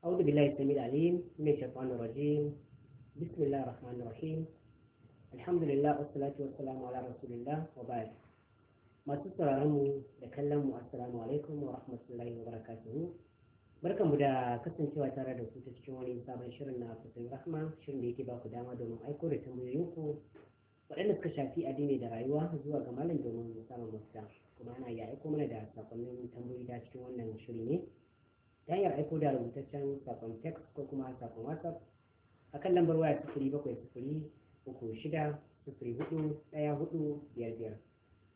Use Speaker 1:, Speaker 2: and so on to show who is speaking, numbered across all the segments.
Speaker 1: أعوذ بالله السميع العليم من الشيطان الرجيم بسم الله الرحمن الرحيم الحمد لله والصلاة والسلام على رسول الله وبعد masu sauraron mu da kallon mu assalamu alaikum wa rahmatullahi wa barkan mu da kasancewa tare da ku ta cikin wani sabon shirin na fasin rahma shirin da yake ba ku dama domin aiko da tambayoyin ku waɗanda suka shafi addini da rayuwa zuwa ga malam domin samun mafita kuma ana iya aiko mana da sakonnin tambayoyi da cikin wannan shiri ne ta hanyar aiko da rubutaccen sakon text ko kuma sakon whatsapp a kan lambar waya sufuri bakwai sufuri uku shida sufuri hudu ɗaya hudu biyar biyar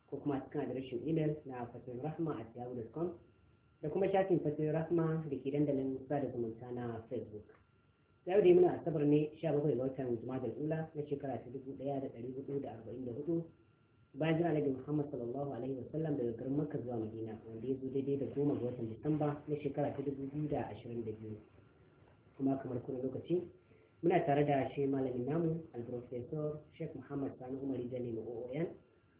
Speaker 1: ko kuma cikin adireshin imel na fasirin rahma a yahoo.com da kuma shafin fasirin rahma da ke dandalin sada zumunta na facebook yau da muna asabar ne 17 ga watan jumadar ula na shekara ta 1444 bayan jira da Muhammad sallallahu alaihi wasallam daga garin Makka zuwa Madina wanda ya zo daidai da goma ga watan Disamba na shekara ta dubu biyu da ashirin da biyu kuma kamar kuna lokaci muna tare da shi malamin namu alprofesor Sheikh Muhammad Sani Umar na OON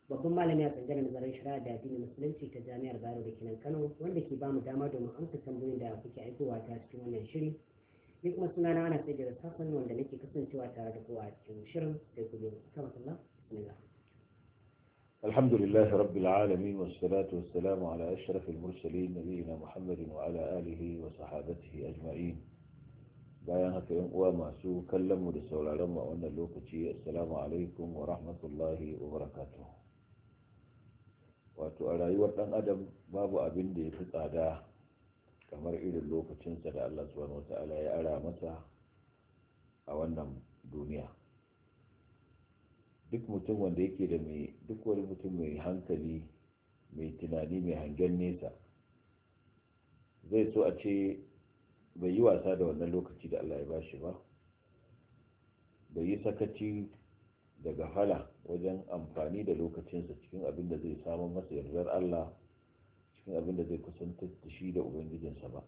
Speaker 1: babban malami a tsangar nazarin shari'a da addinin musulunci ta jami'ar Bayero da kenan Kano wanda ke bamu dama domin amsa tambayoyin da kuke aikowa ta cikin wannan shiri ni kuma suna na ana sai da Hassan wanda nake kasancewa tare da kowa cikin shirin sai ku biyo kama sallah wasallam
Speaker 2: الحمد لله رب العالمين والصلاة والسلام على أشرف المرسلين نبينا محمد وعلى آله وصحابته أجمعين bayan haka yan uwa masu kallon mu da sauraron mu a wannan lokaci assalamu alaikum wa rahmatullahi wa wato a rayuwar dan adam babu abin da ya fi tsada kamar irin lokacinsa da Allah subhanahu wataala ya ara masa a wannan duniya duk mutum wanda yake da mai duk wani mutum mai hankali mai tunani mai hangen nesa zai so a ce bai yi wasa da wannan lokaci da Allah ya shi ba bai yi sakaci daga hala wajen amfani da lokacinsa cikin abin da zai samun masa yardar Allah cikin abin da zai kusantar da shi da ubangijinsa ba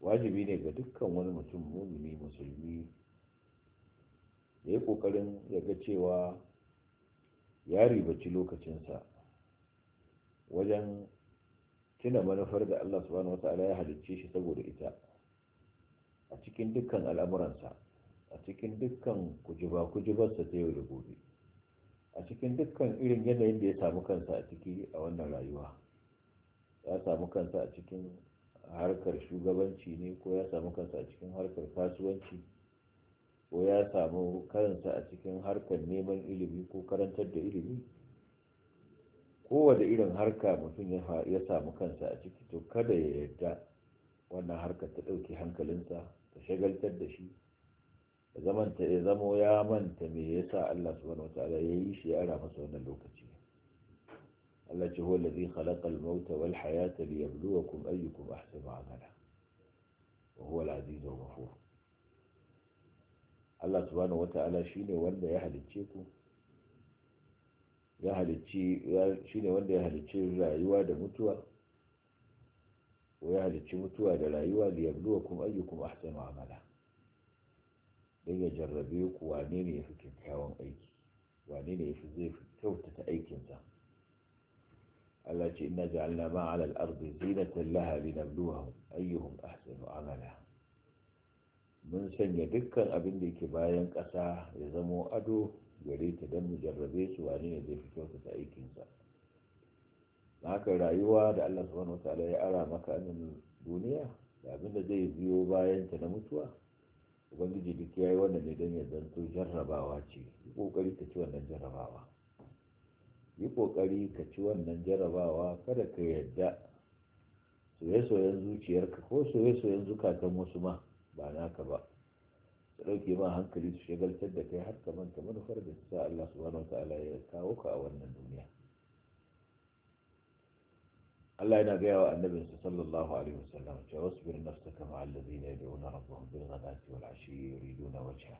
Speaker 2: wajibi ne ga dukkan wani mutum mumini musulmi ya yi ƙoƙarin yaga cewa ya ribaci lokacinsa wajen tuna manufar da Allah subhanahu wata'ala ya halicce shi saboda ita a cikin dukkan al'amuransa a cikin dukkan kujiba-kujibarsa ta yau da gobe a cikin dukkan irin yanayin da ya samu kansa a ciki a wannan rayuwa ya samu kansa a cikin harkar shugabanci ne ko ya samu kansa a cikin harkar kasuwanci ko ya samu kansa a cikin harkar neman ilimi ko karantar da ilimi kowane irin harka mutum ya samu kansa a ciki to kada ya yarda wannan harkar ta ɗauki hankalinsa ta shagaltar da shi ya zamanta ya zamo ya manta me yasa Allah subhanahu wataala ya yi shi ya masa wannan lokaci Allah ce huwa allazi khalaqa al-mauta wal hayata liyabluwakum ayyukum ahsanu amala wa huwa al al ghafur Allah subhanahu wata'ala shine wanda ya halicce ku ya halicci shine wanda ya halicci rayuwa da mutuwa wa ya halicci mutuwa da rayuwa da yabluwa kuma ayyukum ahsanu amala dan ya jarrabe ku wane ne yafi kyakkyawan aiki wane ne yafi zai fi kyautata aikinsa Allah ce inna ja'alna ma'ala al-ardi zinatan laha linabluwahum ayyuhum ahsanu amala mun sanya dukkan abin da yake bayan ƙasa ya zamo ado gare ta don mu jarrabe su wane ne zai fito su ta aikinsa haka rayuwa da Allah subhanahu wataala ya ara maka anan duniya da abin da zai biyo bayan ta na mutuwa ubangiji duk yayi wannan ne don ya zanto jarrabawa ce yi kokari ka ci wannan jarrabawa yi kokari ka ci wannan jarrabawa kada ka yadda soye-soyen zuciyarka ko soye-soyen zukatan wasu ma ba naka ba su ɗauke ma hankali su shagaltar da kai har ka manta manufar da sa Allah subhanahu ta'ala ya kawo ka a wannan duniya Allah yana gaya wa annabin sa sallallahu alaihi wasallam cewa wasbir nafsaka ma allazina yad'una rabbahum bil ghadati wal ashi yuriduna wajha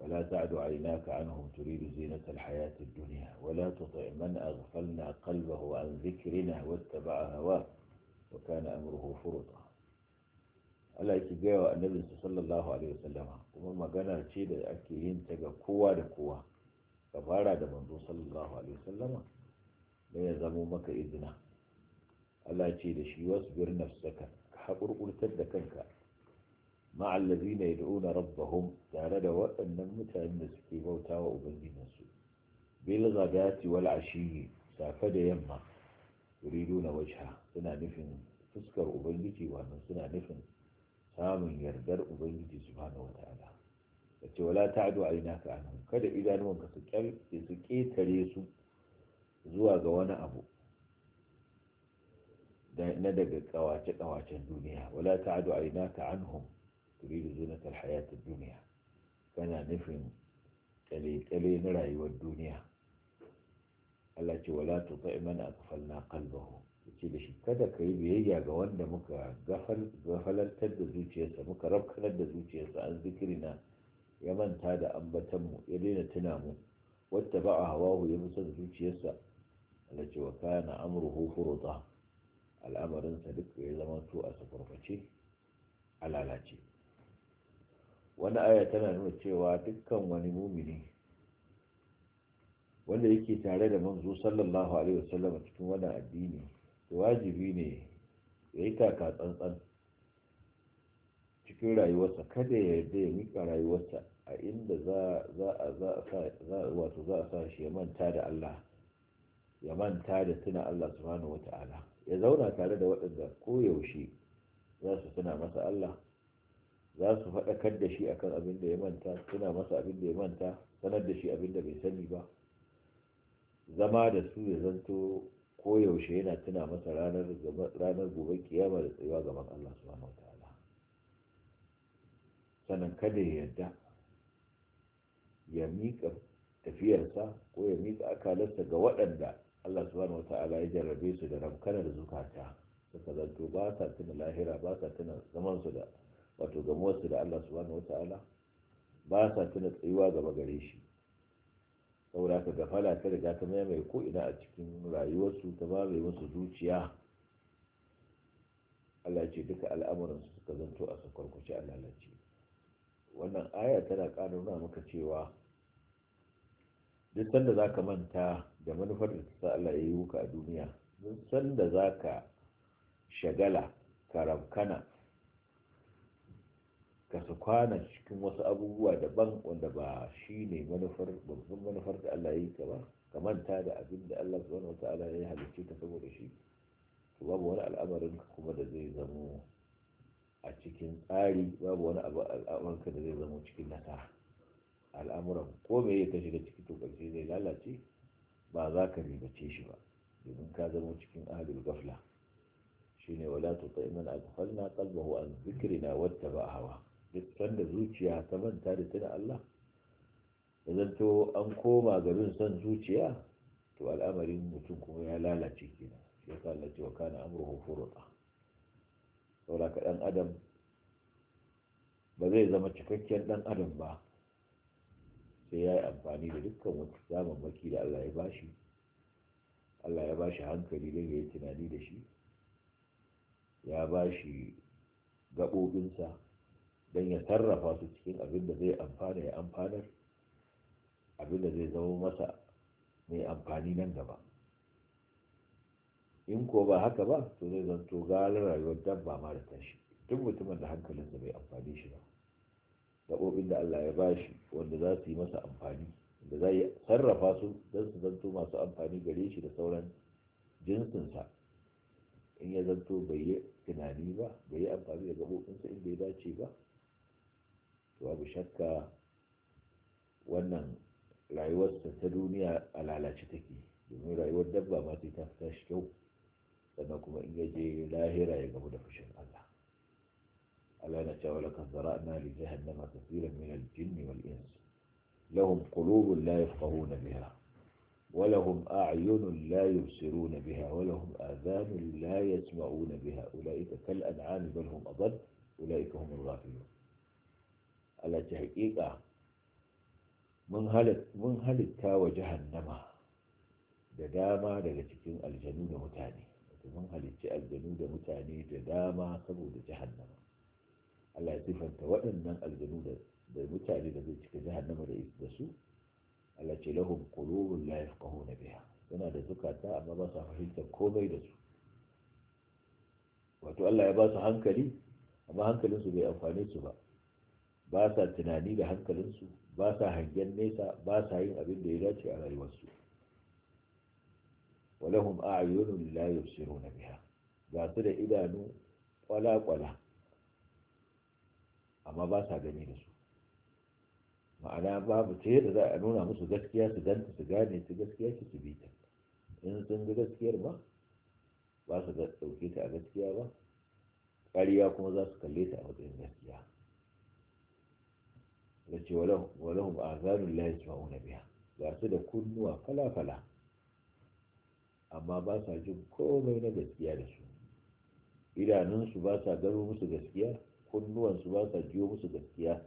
Speaker 2: ولا تعد عيناك عنهم تريد زينة الحياة الدنيا ولا تطع من أغفلنا قلبه عن ذكرنا واتبع هواه وكان أمره فرطا Allah yake gaya wa annabinsa sallallahu alaihi wasallama kuma maganar ce da ake yin ta ga kowa da kowa ka fara da manzo sallallahu alaihi wasallama da ya zamo maka izina Allah ce da shi wasu bir nafsaka ka haƙurƙurtar da kanka ma'allazi na yad'una rabbahum tare da waɗannan mutanen da suke bauta wa ubangijinsu bil ghadati wal ashiyi safe da yamma yuriduna wajha suna nufin fuskar ubangiji wannan suna nufin samun yardar ubangiji subhanahu wataala ya ce wala ta'du aynaka anhum kada ka su kyalke su ketare su zuwa ga wani abu na daga kawace kawacen duniya wala ta'du aynaka anhum turidu zinata alhayati dunya kana nufin kale kale na rayuwar duniya Allah ce wala tuta iman akfalna qalbahu ce da shi kada ka yi biyayya ga wanda muka gafalantar da zuciyarsa muka rafkanar da zuciyarsa an zikiri na ya manta da ambatanmu ya daina tuna mu wata ba a hawahu ya fi son zuciyarsa da cewa kana amurhu furuta al'amarinsa duk ya zama to a safarface a lalace wani aya tana nuna cewa dukkan wani mumini wanda yake tare da manzo sallallahu alaihi wasallam cikin wannan addini wajibi ne ya yi taka tsantsan cikin rayuwarsa kada ya yarda ya mika rayuwarsa a inda za a sa shi ya manta da Allah ya manta da tuna Allah subhanahu wata'ala ya zauna tare da waɗanda koyaushe za su tuna masa Allah za su faɗakar da shi akan abin da ya manta tuna masa abin da ya manta sanar da shi abin da bai sani ba zama da su ya zanto koyaushe yana tuna masa ranar gobe kiyama da tsayuwa gaban Allah subhanahu ta'ala sannan kada ya yarda ya miƙa tafiyarsa ko ya miƙa akalarsa ga waɗanda Allah subhanahu ta'ala ya jarrabe su da ramkanar zukata suka zanto ba sa tuna lahira ba sa tuna zaman su da wato gamuwarsu da Allah subhanahu ta'ala ba sa tuna tsayuwa gaba gare shi saboda ka gafala ta riga ta maya mai ko'ina a cikin rayuwarsu ta mai musu zuciya Allah ce duka al'amuran su suka zanto a sakwarkwace a lalace wannan aya tana ƙara nuna maka cewa duk sanda za ka manta da manufar da ta sa Allah ya yi wuka a duniya duk sanda za ka shagala karamkana ka su kwana cikin wasu abubuwa daban wanda ba shi ne manufar babban manufar da Allah ya yi ka ba ka manta da abin da Allah subhanahu ta'ala ya halittu ta saboda shi to babu wani al'amarin ka kuma da zai zamo a cikin tsari babu wani abu al'amarin ka da zai zamo cikin nasa al'amuran ko me ya tashi shiga ciki to karshe zai lalace ba za ka ribace shi ba domin ka zama cikin ahalin gafla shine wala tuti man aghfalna qalbahu an dhikrina wattaba hawa duk sanda zuciya ta manta da tuna Allah da zanto an koma garin son zuciya to al'amarin mutum kuma ya lalace kenan ya sa Allah ce wa kana amruhu furuta saboda ka dan adam ba zai zama cikakken dan adam ba sai ya yi amfani da dukkan wata damammaki da Allah ya bashi Allah ya bashi hankali da ya yi tunani da shi ya bashi gaɓoɓinsa don ya sarrafa su cikin abin da zai amfana ya amfanar abin da zai zama masa mai amfani nan gaba in ko ba haka ba to zai zanto galar rayuwar dabba ma da tashi duk mutumin da hankalin hankalinsa bai amfani shi ba gaɓoɓin da Allah ya bashi wanda za su yi masa amfani da za yi sarrafa su don su zanto masu amfani gare shi da sauran jinsinsa in ya zanto bai yi tunani ba bai yi amfani da gaɓoɓinsa inda ya dace ba babu shakka wannan rayuwarsa ta duniya a lalace take domin rayuwar dabba ma sai ta fita shi kyau sannan kuma in ya je lahira ya gamu da fushin Allah Allah na cewa laka zara'na li jahannama kaseeran min al-jinn wal ins lahum qulubun la yafqahuna biha ولهم أعين لا يبصرون بها ولهم آذان لا يسمعون بها أولئك كالأنعام بل هم أضل أولئك هم الغافلون alati haƙiƙa mun halitta wa jahannama da dama daga cikin aljanu da mutane mun halicci aljanu da mutane da dama saboda jahannama Allah ya sifanta waɗannan aljanu da mutane da zai cika jahannama da su Allah ce lahum qulubun la yafqahuna biha Yana da zukata amma ba sa fahimtar komai da su wato Allah ya ba su hankali amma hankalin su bai amfane su ba ba sa tunani da hankalinsu ba sa hangen nesa ba sa yin abin da ya dace a rayuwarsu walahum a'yunun la yusiruna biha ga su da idanu kwala-kwala amma ba sa gani da su ma'ana babu ce da za a nuna musu gaskiya su danta su gane su gaskiya su bi ta in sun ga gaskiyar ba ba su dauke ta a gaskiya ba ƙarya kuma za su kalle ta a matsayin gaskiya ya ce walahum azanun la yasma'una biha ga su da kunnuwa kala kala amma ba sa jin komai na gaskiya da su idanunsu ba sa gano musu gaskiya kunnuwansu ba sa jiyo musu gaskiya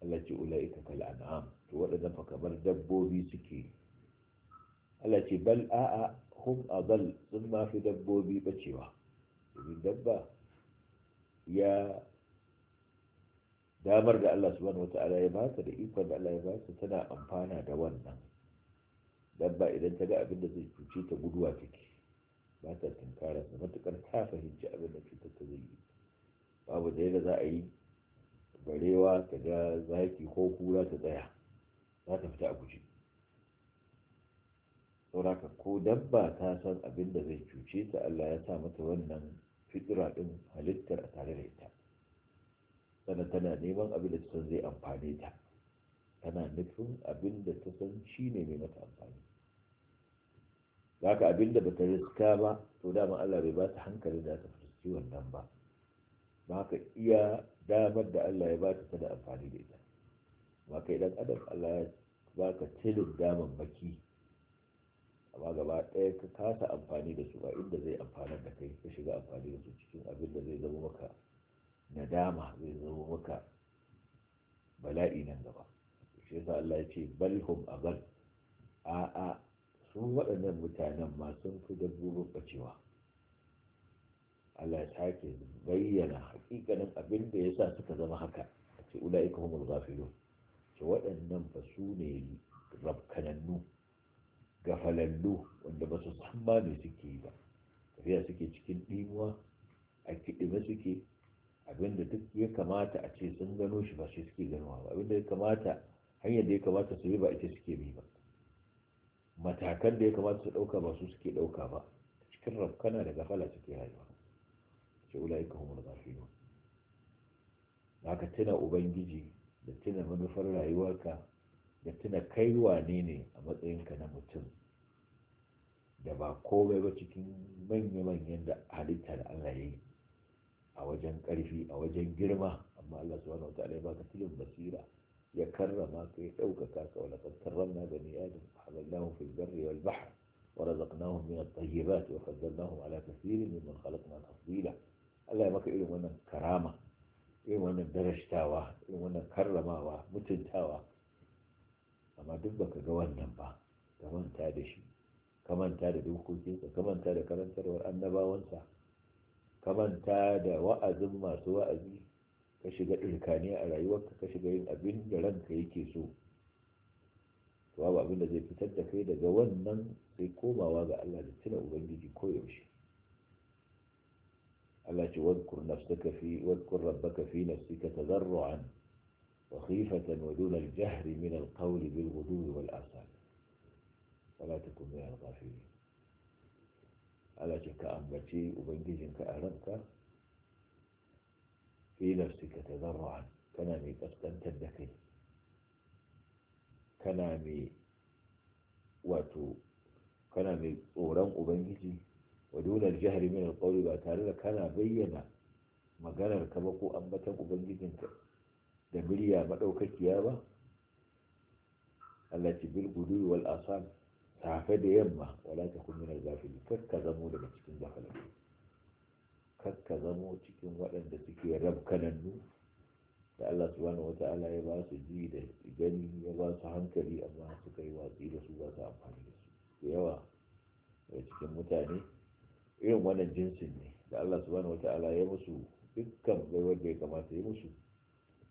Speaker 2: Allah ce ula'ika kal an'am to wadannan fa kamar dabbobi suke Allah ce bal a'a hum adal sun ma fi dabbobi bacewa domin dabba ya damar da Allah subhanahu wata'ala ya bata da ikon da Allah ya bata tana amfana da wannan dabba idan ta ga abin da zai cuce ta guduwa take ba ta tunkara ta matukar ta fahimci abin da cutar ta zai yi babu da yadda za a yi barewa ta ga zaki ko kura ta tsaya za ta fita a guje sauraka ko dabba ta san abin da zai cuce ta Allah ya sa mata wannan fitira din halittar a tare da ita sannan tana neman abin da ta zai amfane ta tana nufin abin da ta san shi ne mai mata amfani za ka abin da bata riska ba to dama Allah bai ba ta hankali da ta fuskanci wannan ba ba ka iya damar da Allah ya ba ta da amfani da ita ba ka idan adam Allah ya ba ka tilin daman baki amma gaba ɗaya ka kasa amfani da su ba inda zai amfana da kai ka shiga amfani da su cikin abin da zai zama maka nadama zai zama maka bala'i nan gaba shi yasa Allah ya ce balhum abal a a sun waɗannan mutanen ma sun fi dabbobin bacewa Allah ya sake bayyana hakikanin abin da yasa suka zama haka a ce ula'ika humul ghafilun ce waɗannan fa su ne rabkanannu gafalallu wanda ba su san ma me suke yi ba tafiya suke cikin ɗimuwa a kiɗime suke abinda duk ya kamata a ce sun gano shi ba shi suke ganowa ba abinda ya kamata hanyar da ya kamata su yi ba ita suke bi ba matakan da ya kamata su ɗauka ba su suke ɗauka ba cikin rafkana da gafala suke rayuwa ce ula'ika humul ghafilun haka tuna ubangiji da tuna manufar rayuwarka da tuna kai wane ne a matsayinka na mutum da ba komai ba cikin manya-manyan da halitta da Allah ya a wajen ƙarfi a wajen girma amma Allah subhanahu wataala ya baka tilin basira ya karrama ka ya ɗaukaka ka wala kan karramna bani adam halallahu fil barri wal bahr wa razaqnahum min at-tayyibat wa faddalnahum ala kathirin mimman khalaqna tafdila Allah ya maka irin wannan karama irin wannan darashtawa irin wannan karramawa mutuntawa amma duk baka ga wannan ba ka manta da shi ka manta da dokokinsa ka manta da karantarwar annabawansa ka manta da wa'azin masu wa'azi ka shiga ɗirkaniya a rayuwarka ka shiga yin abin da ranka yake so to babu abin da zai fitar da kai daga wannan sai komawa ga Allah da tuna ubangiji koyaushe Allah ce wadkur nafsaka fi wadkur rabbaka fi nafsika tadarruan wa khifatan wa dun al-jahri min al-qawli bil ghudu wal asal wala takun min al-ghafilin Allah ka ambaci ubangijinka a ranka fi nafsika tadarruan kana mai kaskantar da kai kana mai wato kana mai tsoron ubangiji wa dunar jihar min alqawli ba tare da kana bayyana maganar ka ba ko ambatan ubangijinka da murya madaukakiya ba Allah bil gudu wal asal safe da yamma wala ta kun minar gafili kakka zamo daga cikin gafalan kakka zamo cikin waɗanda suke kanannu da Allah subhanahu wata'ala ya ba su ji da gani ya ba su hankali amma suka yi watsi da su ba amfani da su da yawa daga cikin mutane irin wannan jinsin ne da Allah subhanahu wata'ala ta'ala ya musu dukkan baiwar da ya kamata ya musu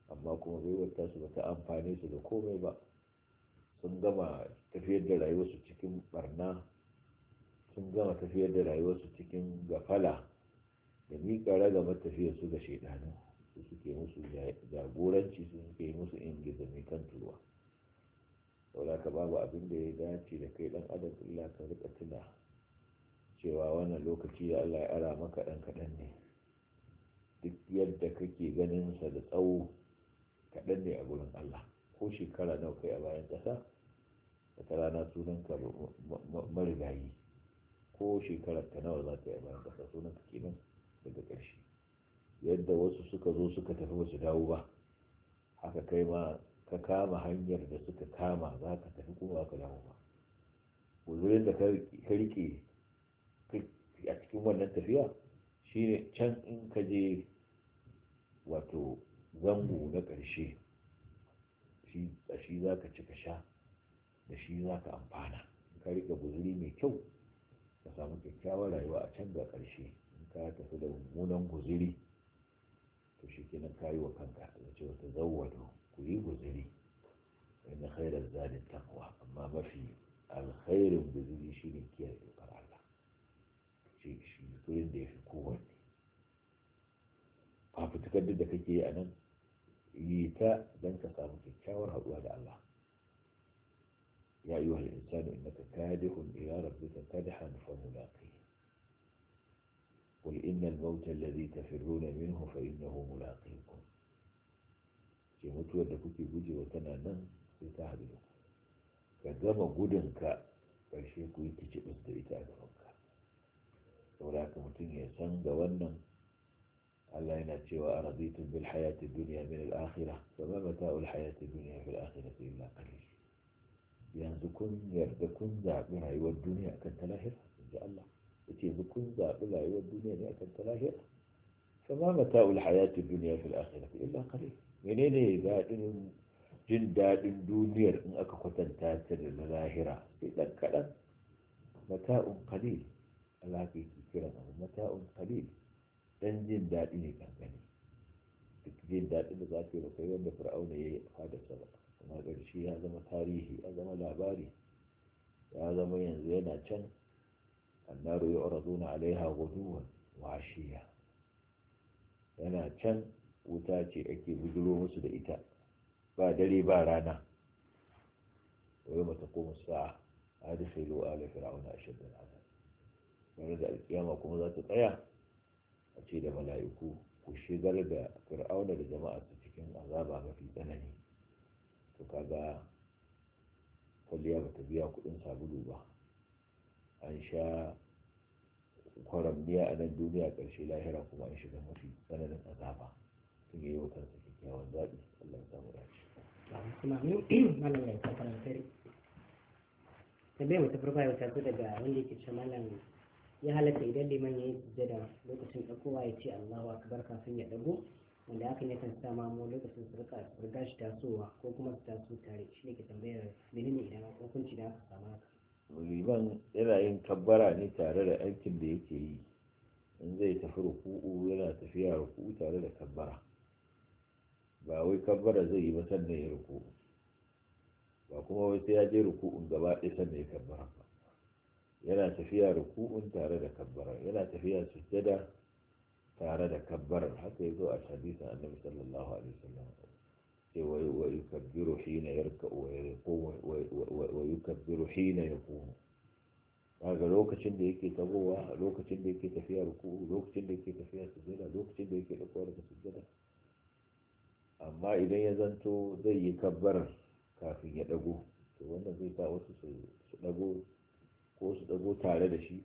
Speaker 2: amma kuma baiwar tasu ba ta amfani su da komai ba sun gama tafiyar da rayuwarsu cikin barna sun gama tafiyar da rayuwarsu cikin gafala da miƙa raga tafiyar su ga shaidanu su suke musu jagoranci su suke musu ingiza mai kan turuwa saboda ka babu abin da ya dace da kai dan adam illa ka rika tuna cewa wannan lokaci da Allah ya ara maka dan kaɗan ne duk yadda kake ganin sa da tsawo kaɗan ne a gurin Allah ko shekara nawa kai a bayan ƙasa wata rana sunanka marigayi ko shekarar ta nawa za ta yi bayan ƙasa sunanka kenan daga ƙarshe yadda wasu suka zo suka tafi ba su dawo ba haka kai ma ka kama hanyar da suka kama za ka tafi kuma ba ka dawo ba wajen da ka rike a cikin wannan tafiya shine can in ka je wato zango na ƙarshe shi za ka ci ka sha da shi za ka amfana in ka rika guzuri mai kyau ka samu kyakkyawar rayuwa a can ga ƙarshe in ka tafi da mummunan guzuri to shi kenan ka yi wa kanka da ce wata zawwado ku yi guzuri in khairar zadin takwa amma mafi alkhairin guzuri shi ne kiyar dokar Allah shi shi guzurin da ya fi kowanne fafutukar da kake yi a nan yi ta don ka samu kyakkyawar haɗuwa da Allah يا أيها الإنسان إنك كادح إلى ربك كدحا فملاقيه قل إن الموت الذي تفرون منه فإنه ملاقيكم في موت ودكوكي بوجي وتنانا يتعبلك كدام قدنك فالشيك ويتجي بسك يتعبلك ولكن متنى يسان دوانا ألا ينأتي وأرضيتم بالحياة الدنيا من الآخرة فما متاع الحياة الدنيا في الآخرة إلا قليل يانزكون يردكون ذاب لا يودوني أكن تلاهر إن الله يتيزكون ذاب لا يودوني أكن تلاهر فما متاع الحياة الدنيا في الآخرة إلا قليل منين يعني إذا إن جن داد الدنيا إن أكو تنتاتر للاهرة إذا كلام متاع قليل لكن كلام متاع قليل إن جن داد إني كان جن داد إذا ذاتي لو كيوم بفرعون يهي هذا سبق kuma ƙarshe ya zama tarihi ya zama labari ya zama yanzu yana can annaru ya orazuna alaiha guduwan wa yana can wuta ce ake bujiro musu da ita ba dare ba rana wai mata koma sa'a a da sai lo'a da fir'auna a shaddar da alkiyama kuma za ta tsaya a ce da mala'iku ku shigar da fir'auna da jama'a cikin azaba mafi tsanani to kaga kwalliya ba ta biya kudin sabulu ba an sha kwaramniya a nan duniya ƙarshe lahira kuma an shiga mafi tsananin azaba sun yi wa kansa kyakkyawan zaɓi Allah ya samu dace.
Speaker 1: Malam ya kafa nan tare. Tambayar mu ta farko ya taso daga wanda yake ce malam ya halatta idan liman ya yi sujjada lokacin ɗagowa ya ce Allahu akbar kafin ya ɗago wanda hakan yakan sa ma mu lokacin su rika riga shi tasowa ko kuma su taso tare shi ne ke tambayar menene idan hukunci da aka samu haka
Speaker 2: liman yana yin kabbara ne tare da aikin da yake yi in zai tafi ruku'u yana tafiya ruku'u tare da kabbara ba wai kabbara zai yi ba sannan ya ruku'u ba kuma wai sai ya je ruku'un gaba ɗaya sannan ya kabbara ba yana tafiya ruku'un tare da kabbara yana tafiya sujjada tare da kabbarar haka ya zo a hadisin annabi sallallahu alaihi wasallam sai wa yukabbiru hina yarka wa yukabbiru hina yaqumu daga lokacin da yake tagowa lokacin da yake tafiya ruku lokacin da yake tafiya sujjada lokacin da yake dagowa daga sujjada amma idan ya zanto zai yi kabbar kafin ya dago to wannan zai sa wasu su dago ko su dago tare da shi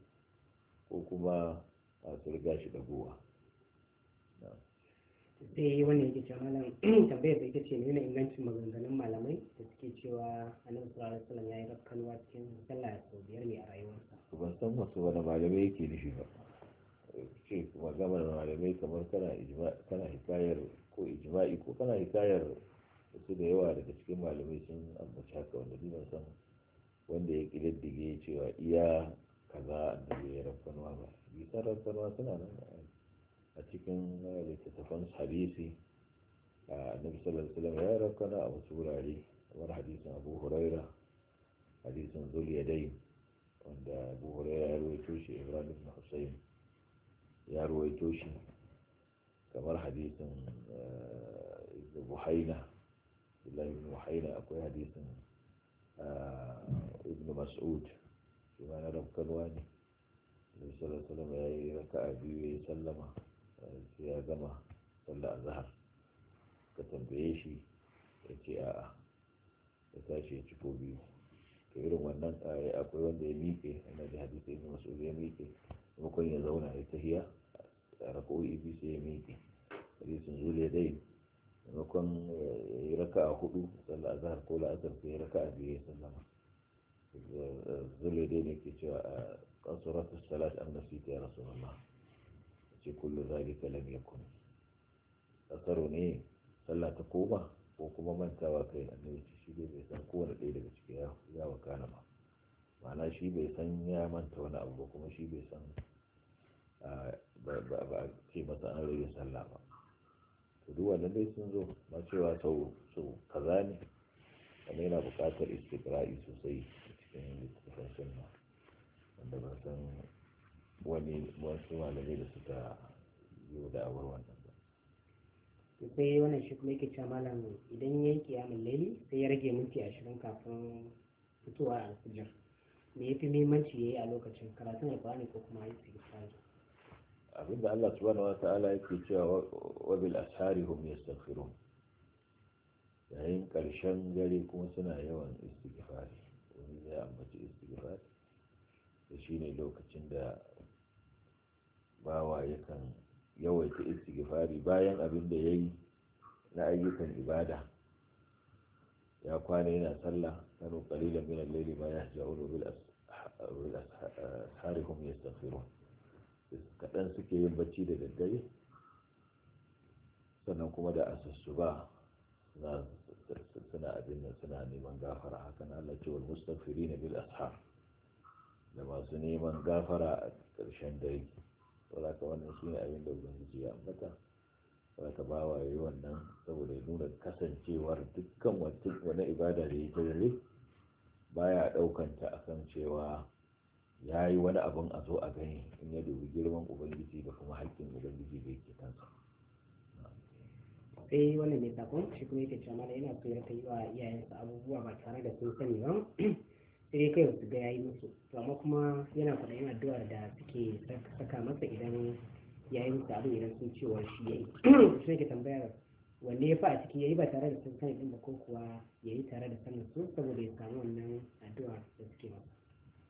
Speaker 2: ko kuma a su riga shi dagowa
Speaker 1: sai wani yake ce malam tambayar da ita ce nuna ingancin maganganun malamai da suke cewa annabi sallallahu alaihi wasallam yayi rakkanwa cikin sallah sau biyar ne a rayuwarsa
Speaker 2: ban san wasu wani malamai yake nufi ba ce maganar malamai kamar kana ijma kana hikayar ko ijma'i ko kana hikayar wasu da yawa daga cikin malamai sun ambaci haka wanda ni ban san wanda ya kididdige cewa iya kaza da ya rakkanwa ba bisan rakkanwa suna nan a cikin eh, littattafan hadisi a nabi sallallahu alaihi ya rakana a wasu wurare kamar hadisin abu huraira hadisin zuliyadai wanda abu huraira ya ruwaito shi ibrahim ibn husayn ya ruwaito shi kamar hadisin eh, ibn buhaina billahi ibn buhaina akwai hadisin eh, ibn mas'ud shi ma na rabkanwa ne nabi sallallahu alaihi ya yi raka'a biyu ya sallama sai ya gama sallar azhar ka tambaye shi ya ce a'a ya tashi ya ciko biyu to irin wannan tsaye eh, akwai wanda ya mike yana da hadisi ibn mas'ud ya mike maimakon ya zauna ya tahiya a rak'o'i biyu sai ya mike hadisin zule dai maimakon ya yi raka'a hudu sallar azhar ko la'asar sai raka raka'a biyu ya sallama zule dai ne ke cewa a kasuratu salat an nasita ya rasulullah ce kullu zalika lam yakun tsaro ne sallah ta koma ko kuma mantawa kai annabi ce shi bai san kowane ɗaya daga ciki ya wakana ba ma'ana shi bai san ya manta wani abu ba kuma shi bai san ba a ce masa an rage sallah ba to duk wannan dai sun zo ma cewa sau sau kaza ne wanda yana buƙatar istiqra'i sosai cikin littattafan sunna wanda ba san wani wasu malamai da suka yi da awar
Speaker 1: wannan ba sai wannan shi kuma yake cewa malam idan ya yi kiyamun laili sai ya rage minti ashirin kafin fitowa a alfijir me ya fi muhimmanci ya yi a lokacin karatun alfahari ko kuma yi sigifari
Speaker 2: abinda allah subhanahu wa ta'ala yake cewa wabil ashari hum yastaghfirun yayin karshen gari kuma suna yawan istighfar wani zai ambaci istighfar da shine lokacin da bawa yakan yawaita istighfari bayan abin da ya yi na ayyukan ibada ya kwana yana sallah sanu qalilan min al-layli ma yahja'un bil ashari hum yastaghfirun kadan suke yin bacci da daddare sannan kuma da asussuba suna abin nan suna neman gafara hakan Allah ce wal mustaghfirina bil ashar da masu neman gafara a ƙarshen dare saboda ka wannan ne abin da ubangiji ya ambata saboda ba wa yi wannan saboda ya nuna kasancewar dukkan wani ibada da ya ta dare baya ɗaukanta akan cewa ya yi wani abin a zo a gani in ya dubi girman ubangiji da kuma haƙƙin ubangiji da yake kansa
Speaker 1: sai eh, wannan mai sakon shi kuma yake cewa yana so ya kai wa iyayensa abubuwa ba tare da sun sani ba sai kai su ga yayi musu to amma kuma yana faɗa yin addu'ar da suke saka masa idan ya yi musu abin idan sun cewa shi ya yi shi ne ke tambayar wanne ya fi a ciki ya yi ba tare da sun sani ba ko kuwa ya yi tare da sanin su saboda ya samu wannan addu'a da suke masa.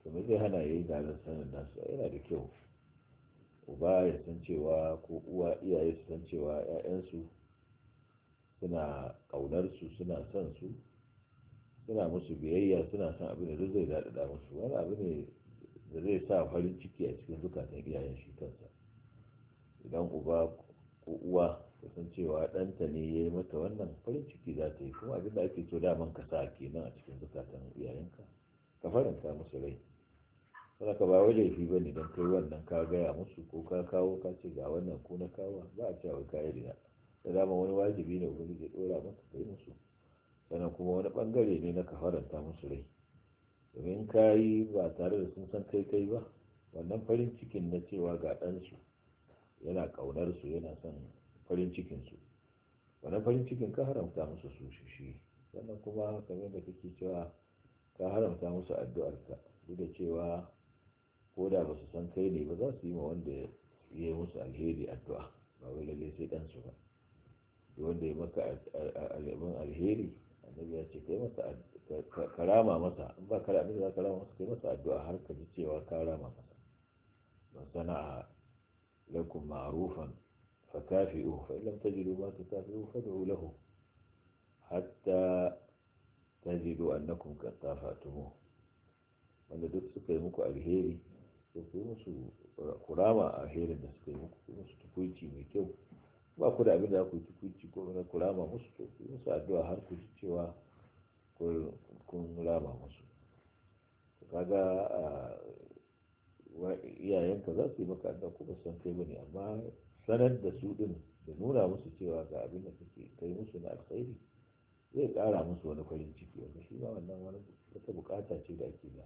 Speaker 2: kuma zai hana ya yi tare da sanin yana da kyau uba ya san cewa ko uwa iyaye su san cewa 'ya'yansu suna ƙaunar su suna son su suna musu biyayya suna son abin da zai daɗaɗa musu wani abu ne da zai sa farin ciki a cikin zukatan iyayen shi kansa idan uba ko uwa ta san cewa ɗanta ne ya yi mata wannan farin ciki za ta yi kuma abin da ake so daman ka sa kenan a cikin zukatan iyayenka ka faranta musu rai kuma ka ba wai laifi ba ne don kai wannan ka gaya musu ko ka kawo ka ce ga wannan ko na kawo ba a cewa ka yi da dama wani wajibi ne ubangiji ya ɗora maka kai musu sannan kuma wani bangare ne na ka musu rai domin ka yi ba tare da sun san kai kai ba wannan farin cikin na cewa ga ɗansu yana ƙaunar su yana son farin cikin su wannan farin cikin ka haramta musu su shi shi sannan kuma kamar da kake cewa ka haramta musu ka duk da cewa ko da ba su san kai ne ba za su yi ma wanda ya yi musu alheri addu'a ba wai lalle sai ɗansu ba wanda ya maka alheri annabi ya ce kai masa karama masa in ba kare annabi za ka rama masa kai masa addu'a har ka ji cewa ka rama masa man sana'a lakum ma'rufan fa فإن لم تجدوا ما تكافئوه فادعوا lahu hatta tajidu annakum قد كافأتموه wanda duk suka yi muku alheri to ku musu kurama alherin da suka yi muku ku musu tukuici mai kyau ba ku da abin da ku ci kunci ko na ku rama musu to ku musu addu'a har ku ji cewa kun rama musu kaga iyayenka za su yi maka addu'a kuma san kai bane amma sanar da su din da nuna musu cewa ga abin da kake kai musu na alkhairi zai kara musu wani farin ciki wanda shi ma wannan wani wata bukata ce da ake da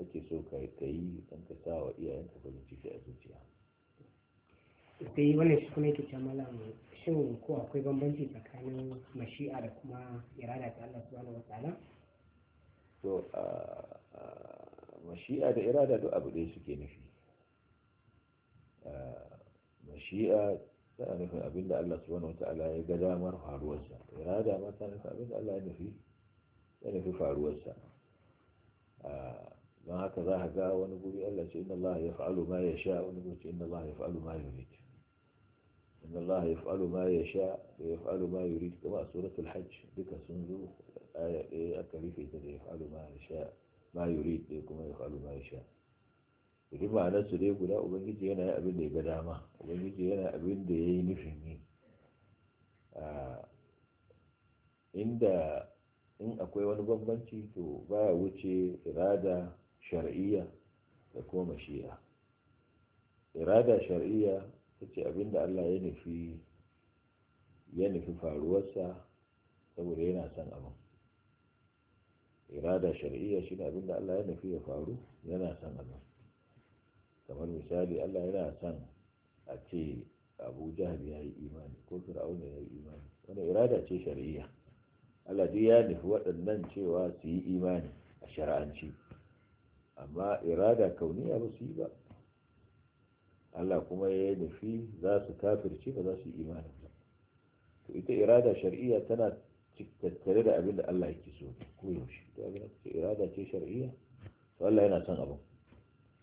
Speaker 2: ake so ka yi dan sa wa iyayenka farin ciki a zuciya
Speaker 1: sai wannan shi kuma yake cewa malam shin ko akwai bambanci tsakanin mashi'a da kuma irada ta Allah subhanahu wa ta'ala
Speaker 2: to mashi'a da irada duk abu ɗaya suke nufi mashi'a tana nufin abin da Allah subhanahu wa ta'ala ya ga damar faruwarsa irada ma tana nufin abin da Allah ya nufi ya nufi faruwarsa don haka za a ga wani guri Allah ce inna Allah ya fa'alu ma ya sha wani guri ce inna Allah ya fa'alu ma ya yurid إن الله يفعل ما يشاء ويفعل ما يريد كما سورة الحج بك سنزو آية إيه أكريفة يفعل ما يشاء ما يريد كما يفعل ما يشاء idan ma'anar su dai guda ubangiji yana yi abin da ya ga dama ubangiji yana abin da ya yi nufin ni, inda in akwai wani bambanci to baya wuce irada shar'iyya da kuma mashi'a irada shar'iyya ce abinda Allah ya nufi ya nufi faruwarsa saboda yana son abin irada shar'iyya ne abinda Allah ya nufi ya faru yana son abin kamar misali Allah yana son a ce Abu ya yi imani ko Fir'auna ya yi imani Wani irada ce shar'iyya Allah duk ya nufi waɗannan cewa su yi imani a shar'anci amma irada kauniya ba su yi ba Allah kuma ya nufi za su kafirci ba za su yi imani ba to ita irada shar'iyya tana tattare da abin da Allah yake so ko yaushe to abin da irada ce shar'iyya to Allah yana son abin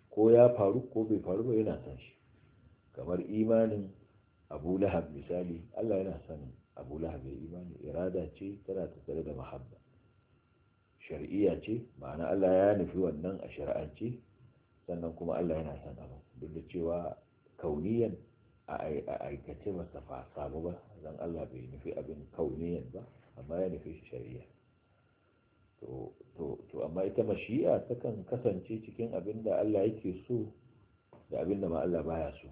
Speaker 2: ko ya faru ko bai faru ba yana son shi kamar imanin Abu Lahab misali Allah yana son Abu Lahab ya imani irada ce tana tattare da mahabba shar'iyya ce ma'ana Allah ya nufi wannan a shari'ance sannan kuma Allah yana son abin duk da cewa kauniyan a aikace masa fa samu ba zan Allah bai nufi abin kauniyan ba amma ya nufi shi shari'a to amma ita mashi'a takan kasance cikin abin da Allah yake so da abin da ma Allah baya so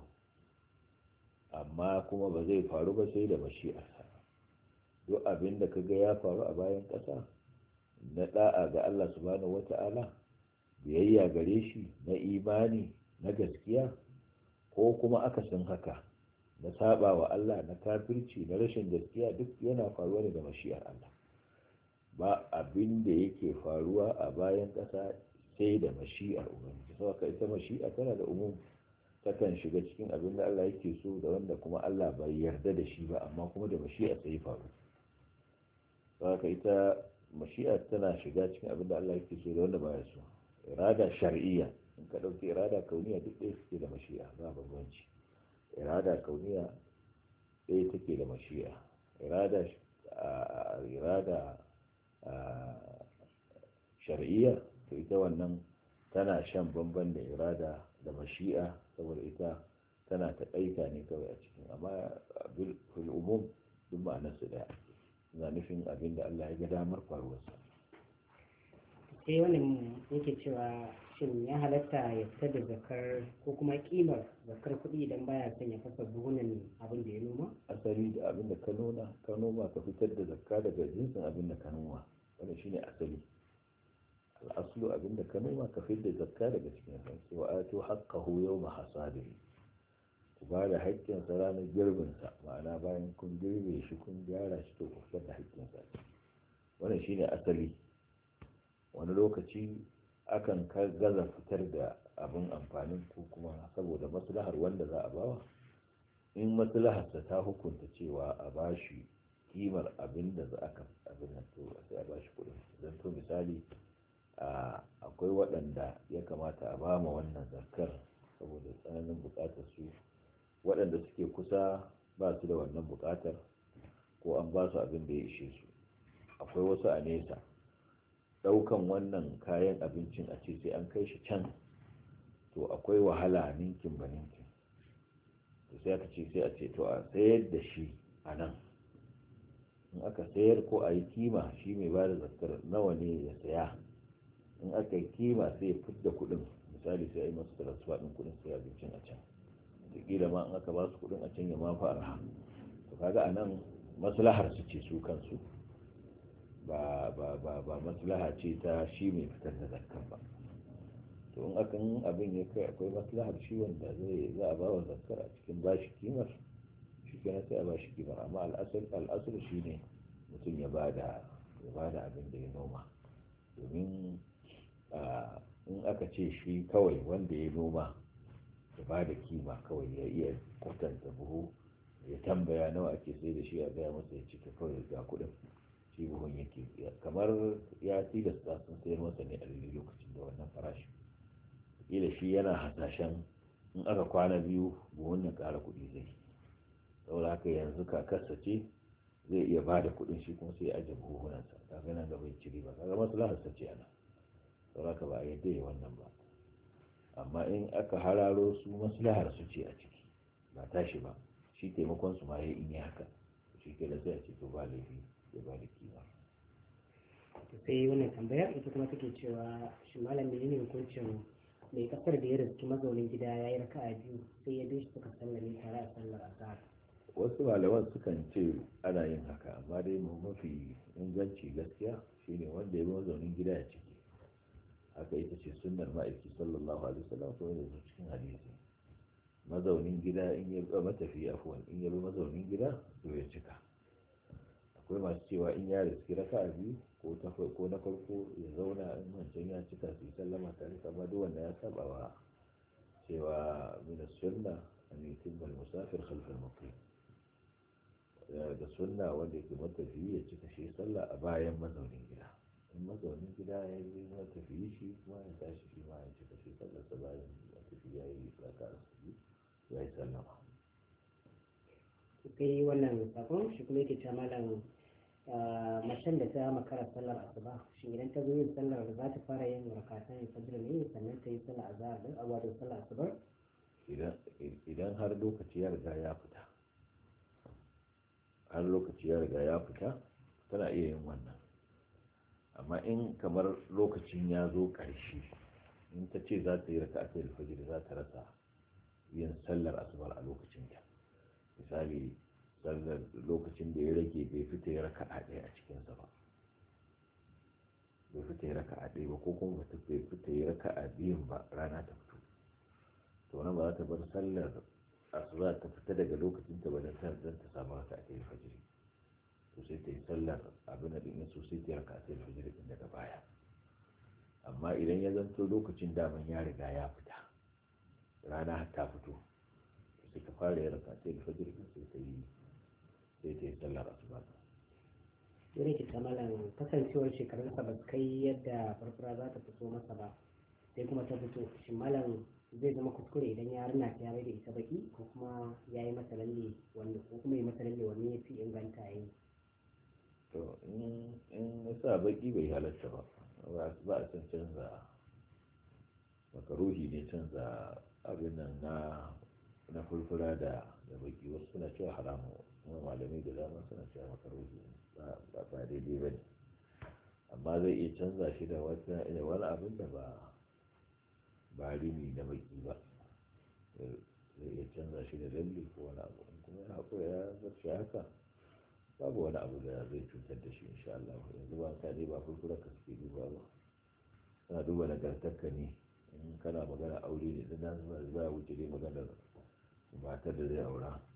Speaker 2: amma kuma ba zai faru ba sai da mashi'arsa duk abin da kaga ya faru a bayan ƙasa na ɗa'a ga Allah subhanahu wata'ala biyayya gare shi na imani na gaskiya ko kuma akasin haka na saba wa Allah na kafirci na rashin gaskiya duk yana faruwa ne da mashiyar Allah ba abin da yake faruwa a bayan ƙasa sai da mashi'ar ubangiji saboda ita mashi'a tana da ta takan shiga cikin abin da Allah yake so da wanda kuma Allah bai yarda da shi ba amma kuma da mashi'a sai faru saboda ita mashi'a tana shiga cikin abin da Allah yake so da wanda bai so irada shar'iyya ka ɗauki irada kauniya duk ɗaya suke da mashi'a ba bambanci irada kauniya ɗaya take da mashi'a irada irada shar'iyya to ita wannan tana shan bamban da irada da mashi'a saboda ita tana ta ɗaita ne kawai a cikin amma fil umum duk su ɗaya na nufin abin da Allah ya ga damar faruwarsa
Speaker 1: sai eh, wani yake cewa shin ya halatta ya fitar da zakar ko kuma kimar zakar kuɗi idan baya son ya fasa buhunan abin da ya noma?
Speaker 2: asali da abin da ka noma ka noma ka fitar da zakka daga jinsin abin da ka noma wanda shine asali al'aslu abin da ka noma ka fitar da zakka daga cikin hanki wa ato haqqahu ma hasadihi ku ba da haƙƙinsa ranar girbinsa ma'ana bayan kun girbe shi kun gyara shi to ku fitar da haƙƙinsa wannan shine asali wani lokaci akan gaza fitar da abin amfanin ko kuma saboda maslahar wanda za a bawa in maslaharsa ta hukunta cewa a bashi kimar abin da za a abin nan to sai a bashi kudin zan to misali akwai waɗanda ya kamata a bama wannan zakar saboda tsananin buƙatar su waɗanda suke kusa ba su da wannan buƙatar ko an ba su abin da ya ishe su akwai wasu a nesa Daukan wannan kayan abincin a ce sai an kai shi can to akwai wahala ninkin ba ninkin to sai aka ce sai a ce to a sayar da shi a nan in aka sayar ko a yi kima shi mai ba da zakar nawa ne ya saya in aka yi kima sai ya fidda kuɗin misali sai a yi masu transfer kuɗin sai abincin a can wataƙila ma in aka ba su kuɗin a can ya ma fara to kaga a nan maslahar su ce su kansu ba maslaha ce ta shi mai fitar da zakkan ba to in akan abin ya kai akwai maslahar shi wanda zai za a ba wa zakkar a cikin bashi kimar shi kenan sai a bashi kimar amma al'asar al'asar shi ne mutum ya bada ya bada abin da ya noma domin in aka ce shi kawai wanda ya noma ya bada kima kawai ya iya kwatanta buhu ya tambaya nawa ake sai da shi a gaya masa ya cika kawai ga kuɗin shi buhun yake kamar ya tilasta sun sayar masa ne a lokacin da wannan farashi kila shi yana hasashen in aka kwana biyu buhun ya ƙara kuɗi zai saboda haka yanzu kakarsa ce zai iya ba da kuɗin shi kuma sai ajiye buhunansa ta gana da bai ciri ba kaga maslaharsa ce ana saboda haka ba a yadda ya wannan ba amma in aka hararo su maslahar su ce a ciki ba tashi ba shi taimakon su ma ya yi in yi haka shi ke da sai a ce to ba laifi ya ba da
Speaker 1: sai wannan tambayar ita kuma take cewa shi malam ne ne hukuncin mai kasar da ya riski mazaunin gida ya yi raka'a biyu sai ya bishi suka sallame tare a sallar azhar wasu
Speaker 2: malaman sukan ce ana yin haka amma dai mu mafi inganci gaskiya shine wanda ya mazaunin gida ya ciki haka ita ce sunnar ma'aiki sallallahu alaihi wasallam ko da cikin hadisi mazaunin gida in ya matafiya afwan in ya bi mazaunin gida to ya cika akwai masu cewa in ya riski raka a biyu ko ta na farko ya zauna in wancan ya cika su sallama tare amma duk wanda ya saba wa cewa mina sunna a yutimma al-musafir khalf al-muqim da sunna wanda ke matafiyi ya cika shi salla a bayan mazaunin gida in mazaunin gida ya yi matafiyi shi kuma ya tashi shi ma ya cika shi salla ta bayan matafiyi ya yi raka a ya yi sallama
Speaker 1: sai wannan sakon shi kuma yake ta malam Ah, macen da ta makara sallar asuba shi idan ta zo yin sallar za ta fara yin rakatan fajr ne sannan ta yi sallar azhar din a wato sallar asuba
Speaker 2: idan har lokaci ya riga ya fita har lokaci ya riga ya fita tana iya yin wannan amma in kamar lokacin ya zo ƙarshe in ta ce za ta yi raka rakatan fajr za ta rasa yin sallar asubar a lokacin ta misali sannan lokacin da ya rage bai fita ya raka a ɗaya a cikinsa ba bai fita ya raka a ɗaya ba ko kuma bai fita ya raka a biyun ba rana ta fito to nan ba za ta bar sallar asuba ta fita daga lokacin ta ba don ta samu raka a ɗaya fajiri to sai ta yi sallar abin da ɗin so sai ta yi raka a ɗaya fajiri ɗin daga baya amma idan ya zanto lokacin daman ya riga ya fita rana ta fito sai ka fara yi raka a ɗaya fajiri sai ta yi sai
Speaker 1: ta ba ta malam kasancewar shekarunsa ba kai yadda farfara za ta fito masa ba sai kuma ta fito shi malam zai zama kuskure idan ya rina ta yare da ita baki ko kuma ya yi masa lalle wanda ko kuma ya masa lalle wani ya fi inganta yayi
Speaker 2: to in ya sa baki bai halatta ba ba a san canza ruhi ne canza abin nan na na da da baki wasu suna cewa haramu kuma malamai da dama suna cewa makaruhi ba ba daidai ba ne amma zai iya canza shi da wata wani abin da ba ba rini na baki ba eh, zai iya canza shi da lalle ko wani abu in kuma ya haƙura ya zarce haka babu wani abu da zai cutar da shi insha Allah yanzu ba ka dai ba kurkura ka suke duba ba kana duba nagartarka ne in kana magana aure ne dan ba wuce dai maganar matar da zai aura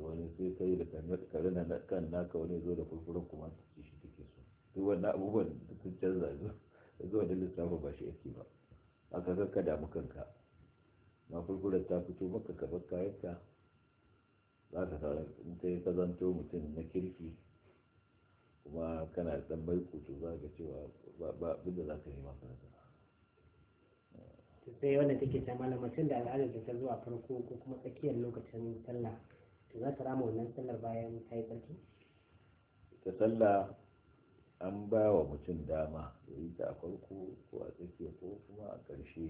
Speaker 2: wani sai kai da kare na kan naka wani zo da furfurin kuma su shi take so duk wani abubuwan sun canza zuwa da lissafa ba shi yake ba aka ga ka damu kanka ma furfurar ta fito maka ka bar kayanka za ka fara in kai ka zanto mutum na kirki kuma kana da dan bai kutu za ka cewa ba abin da za ka yi ka rasa
Speaker 1: sai wanda take ta malama tun da al'adar da ta zuwa farko ko kuma tsakiyar lokacin sallah to za ta rama wannan sallar bayan ta yi tsarki
Speaker 2: ta sallah an ba wa mutum dama ya yi ta a farko ko a tsakiya ko kuma a ƙarshe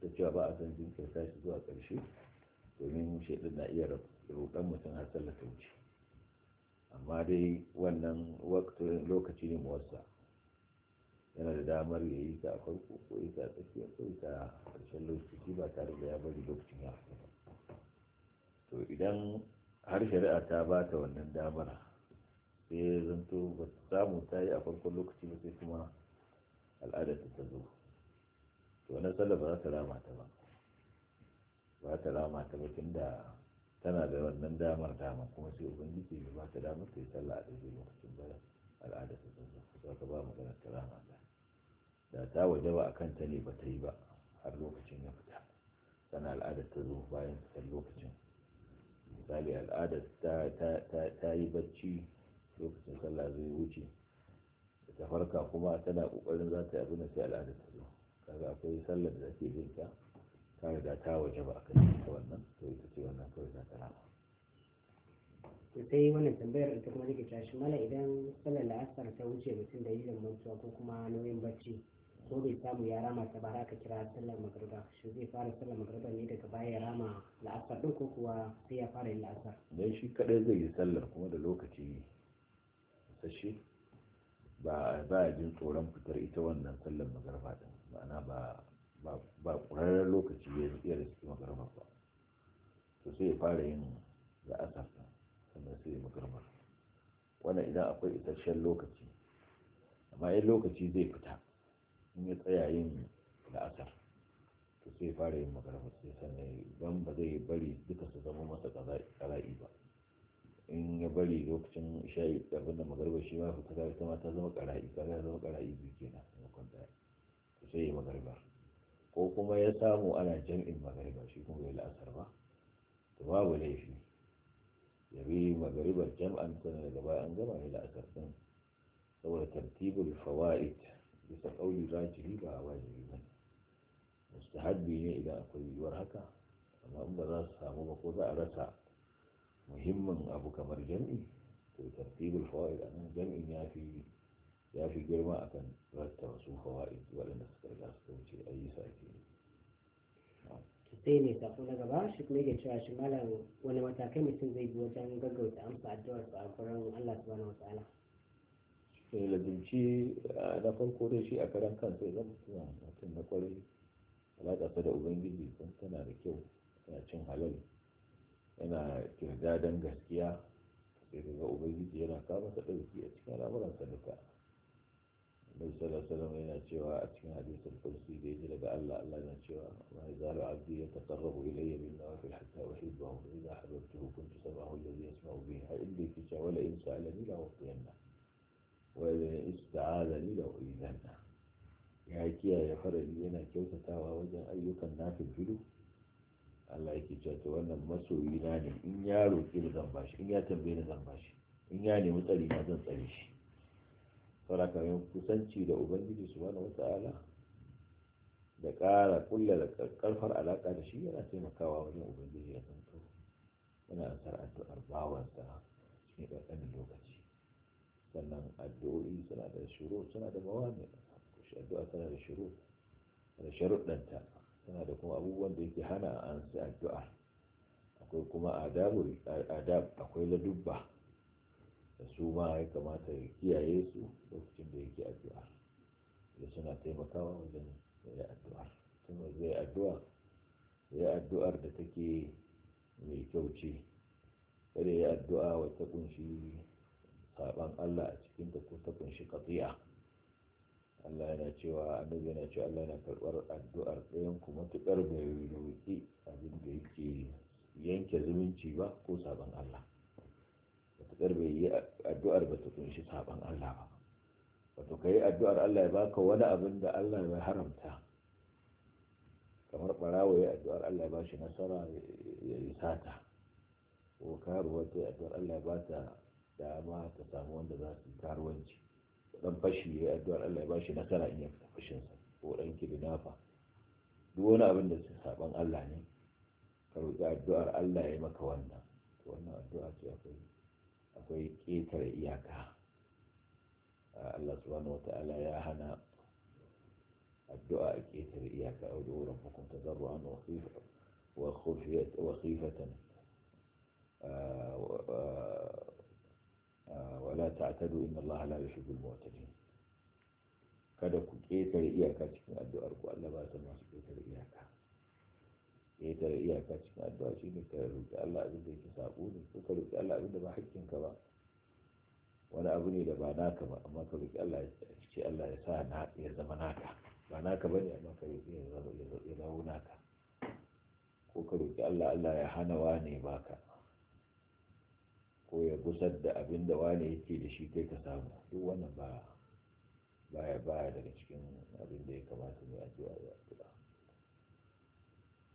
Speaker 2: ta cewa ba a san jinkirta shi zuwa ƙarshe domin shaidan na iya roƙon mutum har sallar ta wuce amma dai wannan lokaci ne muwassa yana da damar ya yi ta a farko ko ya ta a tsakiya ko ya ta a ƙarshen lokaci ba tare da ya bari lokacin ya to idan har shari'a ta ba ta wannan damar sai zanto ba su samu ta yi a farkon lokaci ba sai kuma al'adarta ta zo to wannan sallar ba za ta rama ta ba ba ta rama ta ba tunda tana da wannan damar dama kuma sai ubangiji bai ba ta damar ta yi sallah a ɗaya lokacin ba al'adarta ta zo za ka ba magana ta rama ta da ta waje ba a kan ta ne ba ta yi ba har lokacin ya fita tana al'adar ta zo bayan fitar lokacin misali al'adar ta yi bacci lokacin sallah zai wuce ta farka kuma tana kokarin za ta yi abin da sai al'adar ta zo kaga akwai sallar da take bin ta ta riga ta waje ba akan ta wannan to ita ce wannan kawai za ta rama
Speaker 1: to sai wannan tambayar ita kuma nake tashi mana idan sallar la'asar ta wuce mutum da yin mantuwa ko kuma nauyin bacci ko bai samu ya rama ta ba ka kira sallar magriba shi zai fara sallar magriba ne daga baya ya rama la'asar din ko kuwa sai ya fara yin la'asar
Speaker 2: dan shi kadai zai yi sallar kuma da lokaci sashi ba ba jin tsoron fitar ita wannan sallar magriba din ma'ana ba ba ba ƙurarren lokaci ya da riski magriba ba to sai ya fara yin la'asar sannan sai ya magriba wannan idan akwai isasshen lokaci amma yin lokaci zai fita in ya tsaya yin la'asar to sai fara yin magarba sai sannan don ba zai bari duka su zama masa ƙara'i ba in ya bari lokacin isha'i abin da magarba shi ma fita ita kama ta zama ƙara'i ka zama ƙara'i biyu kenan maimakon kwanta to sai ya magarba ko kuma ya samu ana jam'in magariba shi kuma bai la'asar ba to babu laifi ya bi magaribar jam'an sannan daga gaba an gama ya la'asar din saboda tartibul fawa'id bisa ƙauli zahiri ba wajibi ba ne mustahabbi ne idan akwai yiwuwar haka amma in ba za su samu ba ko za a rasa muhimmin abu kamar jam'i to tartibul fawaid a nan jam'in ya fi ya fi girma akan rattaba su fawaid waɗanda suka riga suka wuce a yi sake
Speaker 1: sai mai sako na gaba shi kuma yake cewa shi malam wani matakai mutum zai bi wajen gaggauta amsa addu'ar sa a gurin Allah subhanahu wa ta'ala
Speaker 2: ya na farko dai shi a karan kansa ya zama suna mutum na kwarai alaƙa da ubangiji sun tana da kyau tana cin halal yana kirga don gaskiya sai ga ubangiji yana kama ta ɗauki a cikin al'amuransa duka mai sallallahu yana cewa a cikin hadisin kursi da yaji daga Allah Allah yana cewa ma yazalu abdi yataqarrabu ilayya bin nawafil hatta uhibbahu wa idha ahbabtuhu kuntu samahu alladhi yasma'u bihi a inda yake cewa la in sa'alani la uqiyanna wanda ista'aza ni da uizanna ya kiyaye farali yana kyautatawa wajen ayyukan nafin filu Allah yake cewa wannan masoyi na ne in ya roƙi ni zan bashi in ya tambaye ni zan bashi in ya nemi tsari na zan tsare shi saboda kusanci da ubangiji subhanahu wata'ala da ƙara kulla da ƙarfar alaƙa da shi yana taimakawa wajen ubangiji ya san to yana ansar addu'ar bawansa cikin ɗan lokaci sannan addu'o'i suna da shuru suna da mawani addu'a tana da shuru da sharuɗanta tana da kuma abubuwan da yake hana an sai addu'a akwai kuma adab akwai ladubba da su ma ya kamata ya kiyaye su lokacin da yake addu'a da suna taimakawa wajen ya addu'a kuma zai addu'a ya addu'ar da take mai kyau ce kada ya addu'a wata kunshi saban Allah a cikin ta ko ta kunshi kafiya Allah yana cewa annabi yana cewa Allah yana karɓar addu'ar ɗayan ku Matukar bai roƙi abin da yake yanke zumunci ba ko saban Allah Matukar bai yi addu'ar ba ta kunshi saban Allah ba wato ka yi addu'ar Allah ya baka wani abin da Allah ya haramta kamar ɓarawo ya addu'ar Allah ya ba shi nasara ya yi sata ko karuwa ta addu'ar Allah ya ba ta dama ta samu wanda za su karuwanci dan fashi ya addu'ar Allah ya bashi nasara in ya fita fashin sa ko dan kidnafa duk wani abin da su saban Allah ne ka roƙi addu'ar Allah ya maka wannan to wannan addu'a ce akwai akwai ƙetare iyaka Allah subhanahu wata'ala ya hana addu'a a ƙetare iyaka a wurin hukunta zarru'an wa khifa wa khifatan ولا ah, تعتدوا inna الله لا يحب المعتدين kada ku ƙetare iyaka cikin addu'ar ku Allah ba ta masu ƙetare iyaka ƙetare iyaka cikin addu'a shi ne ka roƙi Allah abin da yake sabo ne ko ka roƙi Allah abin da ba hakkinka ba wani abu ne da ba naka ba amma ka roƙi Allah ya ce Allah ya sa na ya zama naka ba naka bane amma ka roƙi ya zama ya zama naka ko ka roƙi Allah Allah ya hana ne baka ko ya gusar da abin da wane yake da shi kai ka samu duk wannan ba baya baya daga cikin abin da ya kamata ne a zuwa ya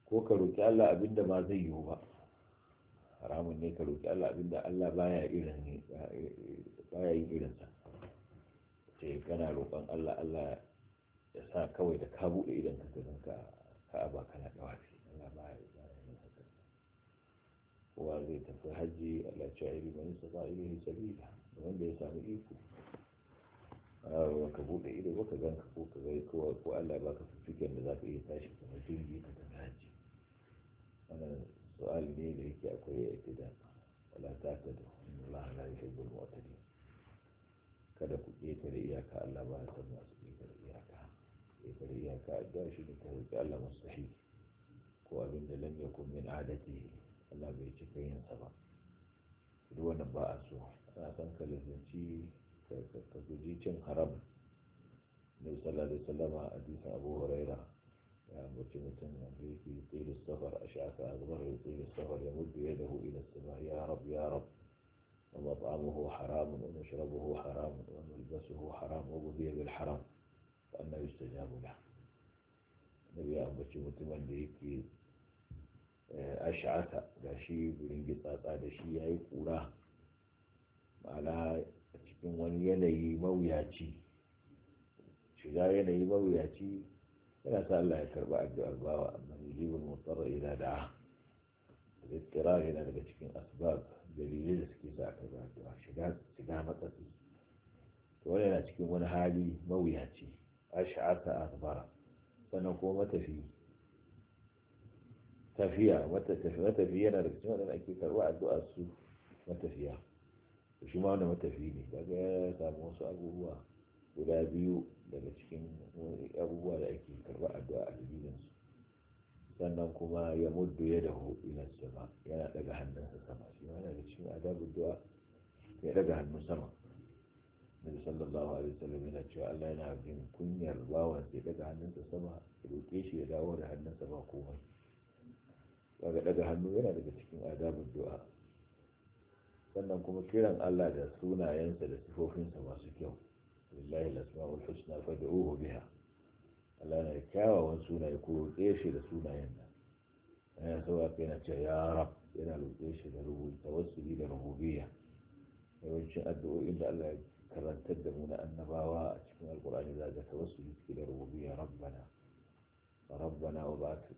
Speaker 2: ko ka roki Allah abin da ba zai yiwu ba haramun ne ka roki Allah abin da Allah baya irin baya yin irin sa sai kana roƙon Allah Allah ya sa kawai da ka buɗe idan ka ka ka ba kana dawafi kowa zai tafi hajji a sha'iri man yastata ilayhi sabila wanda ya samu iko ba ka bude ido ba ka ganka ko ka gai ko ko Allah ba ka fifiken da za ka iya tashi kuma jirgi ka tafi hajji wannan su'al ne da yake akwai ya ita da wala ta ta da Allah la yuhibbul mu'tadin kada ku ƙetare iyaka Allah ba ya san masu ƙetare iyaka ƙetare iyaka da shi ne ka roƙi Allah mustahi ko abin da lam yakun min adatihi Allah bai cika yin sa ba duk wannan ba a so ana san ka lalaci ka guji cin haram ne sallallahu alaihi wasallam a hadisin Abu Huraira ya ambaci mutum yanzu yake tsiri safar a shaka a zubar ya tsiri safar ya mutu ya dahu ila sama ya rab ya rab ومطعمه حرام ومشربه حرام وملبسه حرام وغذي بالحرام فأنا يستجاب له النبي أبو mutumin da yake. Eh, ash'ata da shi gurin gitsatsa da shi ya yi kura. ma'ana a cikin wani yanayi mawuyaci shiga yanayi mawuyaci yana sa Allah ya karba addu'ar bawa amma yujibul mutarra ila da zikira ittirar yana daga cikin asbab dalilai da suke sa karba da shiga shiga matsatsi to wani yana cikin wani hali mawuyaci ash'ata akbara sannan kuma matafi tafiya wata tafiya wata tafiya na da cikin wadanda ake karuwa a zuwa su matafiya to shi ma wanda matafi ne daga ya samu wasu abubuwa guda biyu daga cikin abubuwa da ake karuwa a zuwa a jirgin su sannan kuma ya muddu ya dahu ila sama yana daga hannun sa sama shi ma yana da cikin adabu addu'a ya daga hannun sama Nabi sallallahu alaihi wasallam yana cewa Allah yana jin kunyar bawan ya daga hannun sa sama ya roke shi ya dawo da hannun sa ba komai kaga daga hannu yana daga cikin adabin du'a sannan kuma kiran Allah da sunayensa da sifofinsa masu kyau lillahi al-asma'ul husna fad'uhu biha Allah yana da kyawawan sunaye ko roƙe shi da sunayen nan yana so aka yana ce ya rab yana roƙe shi da rubuta tawassuli da rububiyya yawancin addu'o'in da Allah ya karantar da mu na annabawa a cikin alƙur'ani za ga tawassuli suke da rububiyya rabbana rabbana wa ba'ath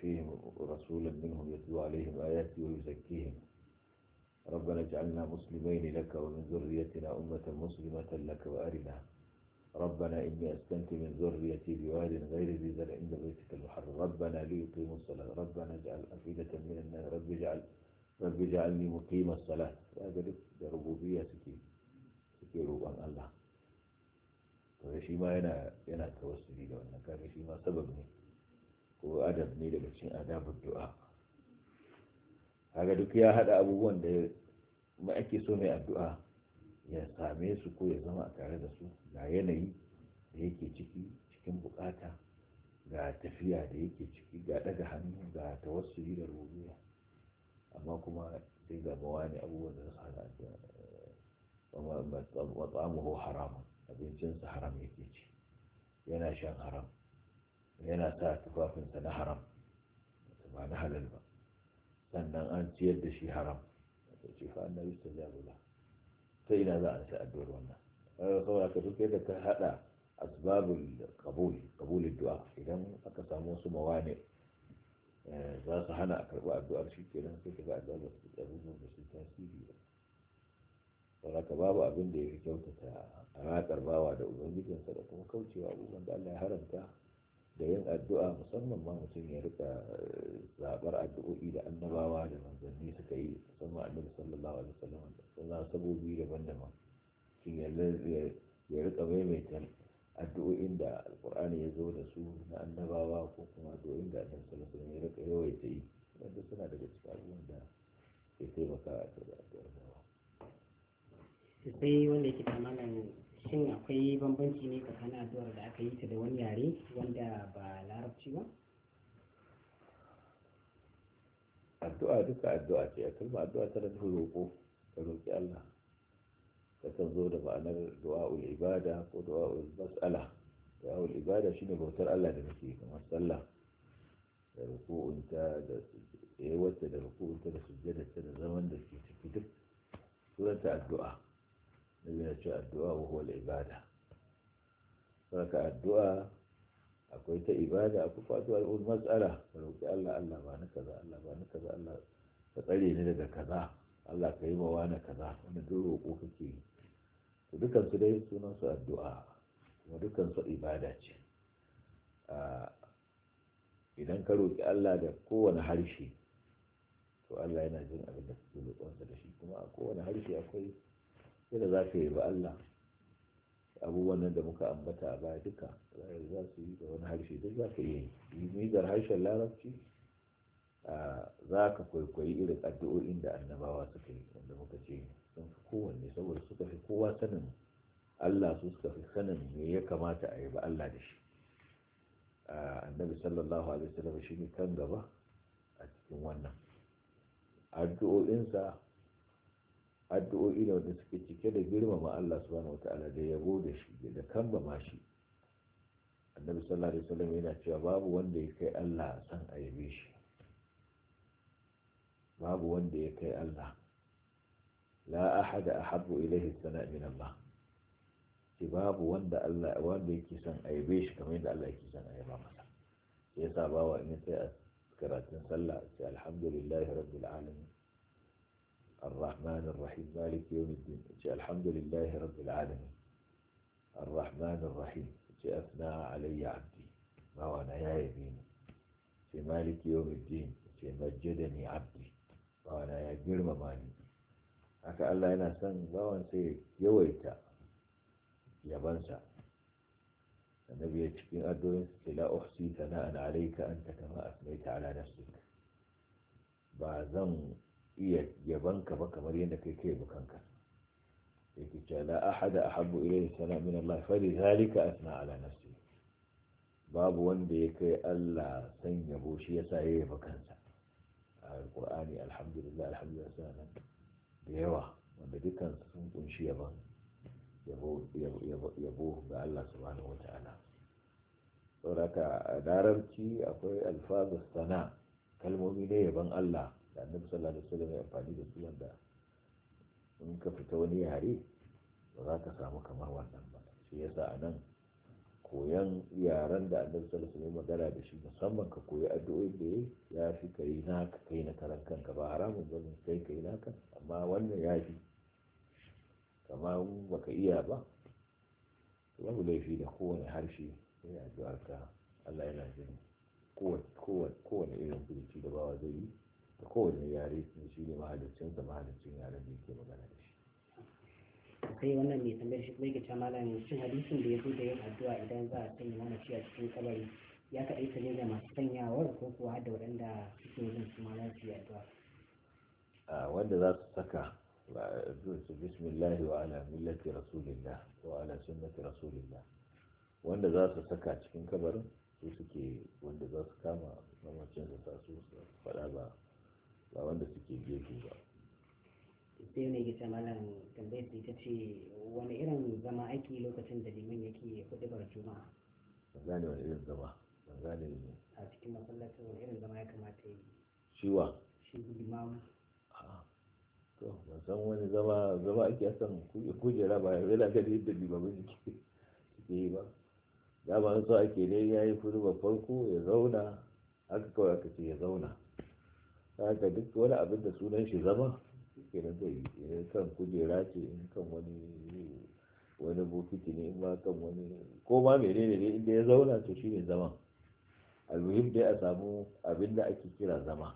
Speaker 2: فيهم رسولا منهم يتلو عليهم آياتي ويزكيهم ربنا اجعلنا مسلمين لك ومن ذريتنا أمة مسلمة لك وأرنا ربنا إني أسكنت من ذريتي بواد غير ذي زرع عند بيتك المحرم ربنا ليقيموا الصلاة ربنا اجعل أفئدة من النار رب اجعل رب اجعلني مقيم الصلاة هذا لربوبية سكين سكين ربان الله to shi ma توسلي tawassuli da wannan kaga shi ko adab ne daga cikin adabin du'a kaga duk ya hada abubuwan da ma ake so mai addu'a ya same su ko ya zama a tare da su ga yanayi da yake ciki cikin bukata ga tafiya da yake ciki ga daga hannu ga tawassuli da rubuya amma kuma sai ga bawani abubuwan da suka hada da wa haram haramun abincinsa haram yake ci yana shan haram yana sa tufafinsa na haram ba na halal ba sannan an ciyar da shi haram to ce fa annabi sallallahu alaihi ta ina za a ci addu'ar wannan saboda ka duk yadda ka hada asbabul qabul qabulid du'a idan aka samu wasu mawani eh, za su hana a karɓi addu'ar shi kenan sai ka ga addu'ar da su abubuwan da su tasiri ba saboda ka babu abin da ya fi kyautata alaƙar bawa da ubangijinsa da kuma kaucewa abubuwan da Allah ya haramta da yin addu'a musamman ma mutum ya rika eh, zabar addu'o'i da annabawa da manzanni suka yi musamman annabi sallallahu alaihi wasallam suna sabobi daban-daban shi ya rika maimaita addu'o'in da alqur'ani ya zo da su na annabawa ko kuma addu'o'in da annabi sallallahu alaihi wasallam ya rika yawaita yi wanda suna daga cikin abubuwan da ke taimaka a cikin addu'ar
Speaker 1: sai wanda yake tamamin shin akwai bambanci ne tsakanin addu'ar da aka yi ta da wani yare wanda ba larabci ba
Speaker 2: addu'a duka addu'a ce a kalma addu'a tana nufin roƙo ka roƙi Allah ta kan zo da ma'anar ul ibada ko du'a'ul mas'ala ul ibada shine bautar Allah da muke kamar sallah da ruku'unta da eh, wacce da ruku'unta da ta da zaman da ke ciki duk sunanta addu'a nabi ya ce addu'a wa huwa ibada saka addu'a akwai ta ibada akwai fatuwa wani matsala ka roƙi Allah Allah ba na kaza Allah ba na kaza Allah ka tsare ni daga kaza Allah ka yi ma wani kaza wani duk roƙo kake yi to dukan su dai sunan su addu'a kuma dukan su ibada ce idan ka roƙi Allah da kowane harshe to Allah yana jin abin da kake roƙonsa da shi kuma a kowane harshe akwai da za ka yi ba Allah abubuwan nan da muka ambata a baya duka za su yi da wani harshe duk za ka yi da harshen larabci za ka kwaikwayi irin addu'o'in da annabawa suka yi wanda muka ce sun fi kowanne saboda suka fi kowa sanin Allah su suka fi sanin me ya kamata a yi ba Allah da shi annabi sallallahu alaihi wasallam shi ne kan gaba a cikin wannan addu'o'insa addu'o'i da wanda suke cike da girmama Allah subhanahu wataala da yabo da shi da kambama shi annabi sallallahu alaihi wasallam yana cewa babu wanda ya kai Allah san a yabe shi babu wanda ya kai Allah la ahada ahabbu Ilaihi sana min Allah ce babu wanda Allah wanda yake son a yabe shi kamar yadda Allah yake son a yaba masa yasa bawa in sai a karatun sallah sai alhamdulillahi rabbil alamin الرحمن الرحيم مالك يوم الدين الحمد لله رب العالمين الرحمن الرحيم أثنى علي عبدي ما وانا يا يبيني مالك يوم الدين مجدني عبدي ما وانا يا جرم ماني haka الله أنا سن bawan sai yawaita yabansa annabi النبي يتكين addu'o'in sai la ثناء عليك أنت كما أثنيت على نفسك nafsik iya yabanka ba kamar yadda kai kai ba kanka yake cewa la ahada ahabbu ilayhi salam min Allah fa lidhalika asna ala nafsi babu wanda ya kai Allah san yabo shi yasa ya yaba kansa a alqur'ani alhamdulillah alhamdulillah sanan da yawa wanda dukkan sun kunshi yaban yabo ga Allah subhanahu wata'ala saboda ka darabci akwai alfazu sana kalmomi ne yaban Allah da annabi sallallahu alaihi wasallam ya amfani da su wanda in ka fita wani yare ba za ka samu kamar wannan ba shi yasa a nan koyan yaren da annabi sallallahu alaihi wasallam magana da shi musamman ka koyi addu'o'in da ya fi kai na kai na karan kanka ba haramun ba ne kai kai naka amma wannan ya fi kamar baka iya ba babu laifi da kowane harshe yana addu'ar ka Allah yana jin kowane irin furuci da bawa zai yi da kowane yare sun shi ne da mahalicin yaren da yake
Speaker 1: magana da shi kai wannan mai tambayar shi kuma ta malamin shin hadisin da ya zo da yin addu'a idan za a sanya mana shi a cikin kabari ya kaɗai ta ne da masu sanyawar ko kuwa da waɗanda suke yin su ma ci addu'a
Speaker 2: wanda za su saka su bismillahi wa ala millati rasulillah wa ala sunnati rasulillah wanda za su saka cikin kabarin su suke wanda za su kama mamacin su sa su faɗa ba ba wanda suke gefe ba
Speaker 1: sai ne gita malam tambayar da ita ce wani irin zama ake lokacin da liman yake bar juma'a
Speaker 2: ban gane wani irin
Speaker 1: zama ban gane ne a cikin masallacin wani irin zama ya kamata yi shiwa shi limamu
Speaker 2: to san wani zama zama ake akan kujera ba ya yana gani yadda limamin suke yi ba dama so ake ne ya yi ba farko ya zauna haka kawai aka ce ya zauna haka duk wani abin da sunan shi zama kenan zai yi idan eh, kan kujera ce in kan wani wani bokiti ne in ma kan wani ko ma ne inda ya zauna to shi ne zama almuhim dai a samu abin da ake kira zama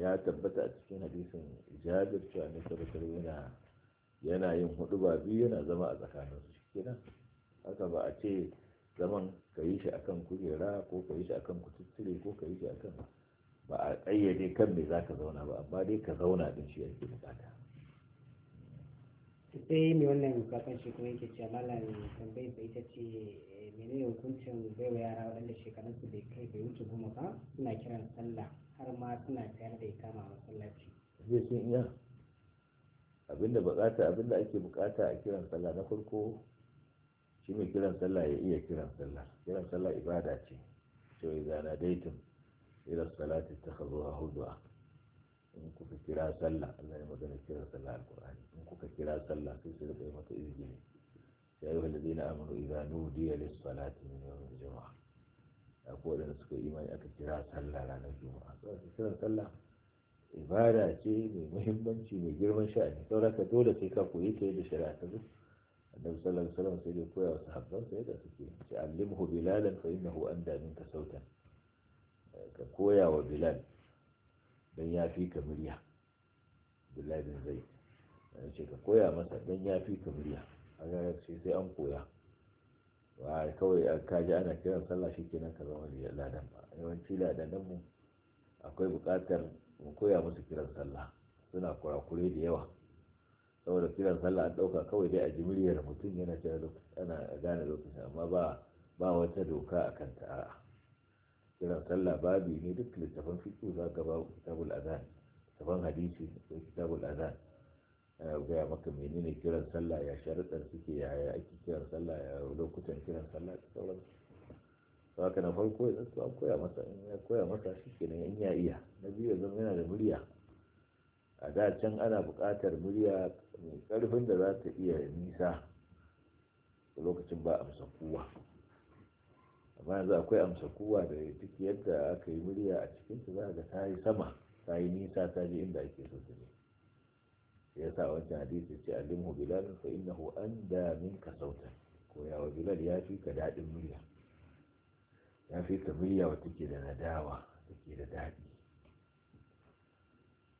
Speaker 2: ya tabbata a cikin hadisin jabir cewa ne tabbatar yana yana yin hudu ba biyu yana zama a tsakanin su kenan haka ba a ce zaman ka yi shi akan kujera ko ka yi shi akan kututture ko ka yi shi akan ba a ƙayyade kan mai za ka zauna ba amma dai ka zauna din shi yake bukata
Speaker 1: sai mai wannan bukatar shi kuma yake cewa malam tambayar da ita ce eh, ne hukuncin baiwa yara waɗanda shekarunsu bai kai bai wuce goma ba suna kiran sallah har ma suna tayar da ita a masallaci
Speaker 2: zai sun iya abinda bukata abinda ake bukata a kiran sallah na farko shi mai kiran sallah ya iya kiran sallah kiran sallah ibada ce to ya zana daitin ila salati takhazuha hudwa in kuka kira sallah Allah ya magana kira sallah alqur'ani in kuka kira sallah sai su rika maka izgini ya ayyuhal na amanu idanu nudiya lis salati min yawmil jumu'ah akwai wadanda suka imani aka kira sallah ranar juma'a saboda kira sallah ibada ce mai muhimmanci mai girman sha'ani sauraka dole sai ka koyi ta da shari'a ta zo annabi sallallahu alaihi wasallam sai dai koya wa sahabbansa yadda suke ce allimhu bilalan fa innahu anda minka sautan ka koya wa bilal don ya fi ka murya bilal bin zai ya ce ka koya masa don ya fi ka murya a ga sai an koya ba kawai a kaji ana kiran sallah shi kenan ka zama da ladan ba yawanci ladanan mu akwai buƙatar mu koya musu kiran sallah suna kurakure da yawa saboda kiran sallah an ɗauka kawai dai a ji muryar mutum yana gane lokacin amma ba ba wata doka a kanta ta'ara. kiran sallah babi ne duk littafan fiqh za ka ba kitabul azan littafan hadisi ko kitabul azan gaya maka menene kiran sallah ya sharuɗar suke ya ya ake kiran sallah ya lokutan kiran sallah da sauran su haka na farko ya zanto an koya masa in ya koya masa shi kenan in ya iya na biyu ya zama yana da murya a da can ana buƙatar murya mai ƙarfin da za ta iya nisa lokacin ba musa kowa amma yanzu akwai amsa kuwa da duk yadda aka yi murya a cikinta za ga ta yi sama ta yi nisa ta je inda ake so su ne ya sa wancan hadisi ce alimu bilal fa innahu min ka sautan koyawa bilal ya fi ka daɗin murya ya fi ka murya wa take da nadawa take da daɗi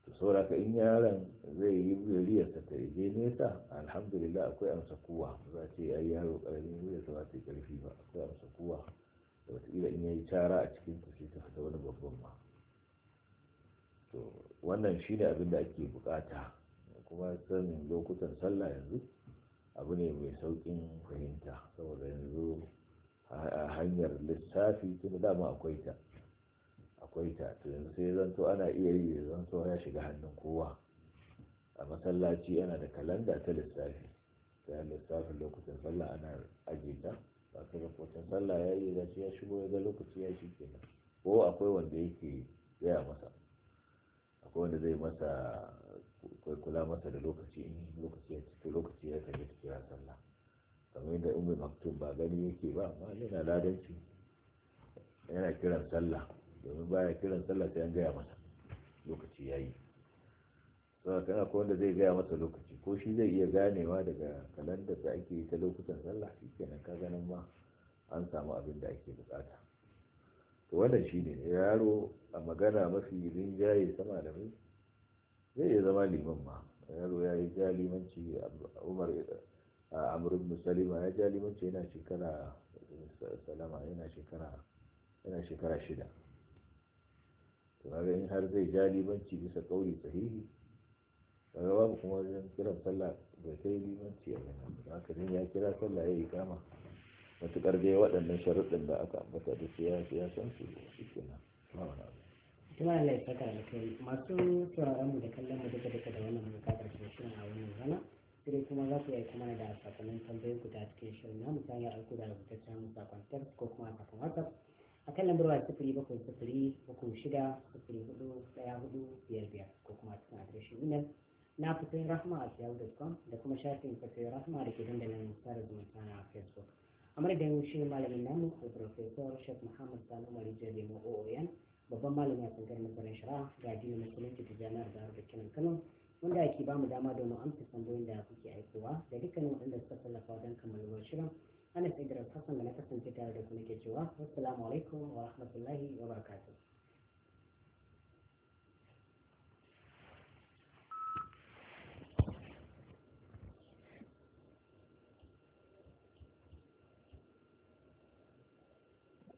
Speaker 2: to sauraka in yaron zai yi muryarsa ta je nesa alhamdulillah akwai amsa kuwa za ce yi yaro ƙarfin muryarsa ba ta ƙarfi ba akwai amsa kuwa da wataƙila in yi cara a cikin ta sai ta fita wani babban ma to wannan shi ne abin da ake bukata kuma san lokutan sallah yanzu abu ne mai sauƙin fahimta saboda yanzu a hanyar lissafi tun da dama akwai ta akwai ta to yanzu sai zanto ana iya yi zanto ya shiga hannun kowa a masallaci yana da kalanda ta lissafi ta lissafin lokutan sallah ana ajiye ta wato lokacin sallah ya yi gashi ya shigo ya ga lokaci ya shi kenan ko akwai wanda yake gaya masa akwai wanda zai masa akwai kula masa da lokaci in lokaci ya ciki lokaci ya kai ta kira sallah kamar yadda umar maktum ba gani yake ba amma yana ladanci yana kiran sallah domin baya kiran sallah sai an gaya masa lokaci ya yi saboda kana ko wanda zai gaya masa lokaci ko shi zai iya ganewa daga kalandar da ake ta lokutan sallah shi kenan ka ganin ma an samu abin da ake bukata to wannan shi ne yaro a magana mafi rinjaye sama da mai zai iya zama liman ma yaro ya yi ja limanci umar a amurin musalima ya ja limanci yana shekara salama yana shekara yana shekara shida to in har zai ja limanci bisa kauri sahihi kaga babu kuma wajen kiran sallah da sai limanci ya da haka ne ya kira sallah ya yi kama matuƙar dai waɗannan sharuɗin da aka ambata da siyasa ya san su shi kenan
Speaker 1: ba wani abu tuna laifin ya da kai masu sauraron mu da kallon mu duka duka da wannan muka karshe shirin a wannan rana sai kuma za ku yi kuma da sakonin tambayoyin ku da cikin shirin namu musamman hanyar aiko da rubutaccen sakon ko kuma sakon whatsapp a kan lambar wa sifiri bakwai sifiri bakwai shida sifiri hudu daya hudu biyar biyar ko kuma cikin adireshin email na fitoyin rahma a siyau.com da kuma shafin fitoyin rahma da ke dandalin sada zumunta na facebook a madadin shi malamin namu da professor shek muhammad sanu marijar lemo oon babban malamin a tsangar nazarin shara ga addinin musulunci ta jami'ar da da kinan kano wanda ake ba mu dama domin amsa tambayin da kuke aikowa da dukkanin waɗanda suka tallafa wajen kammaluwar shirin ana tsigirar Hassan da na kasance tare da kuma ke cewa wassalamu alaikum wa rahmatullahi wa barakatuh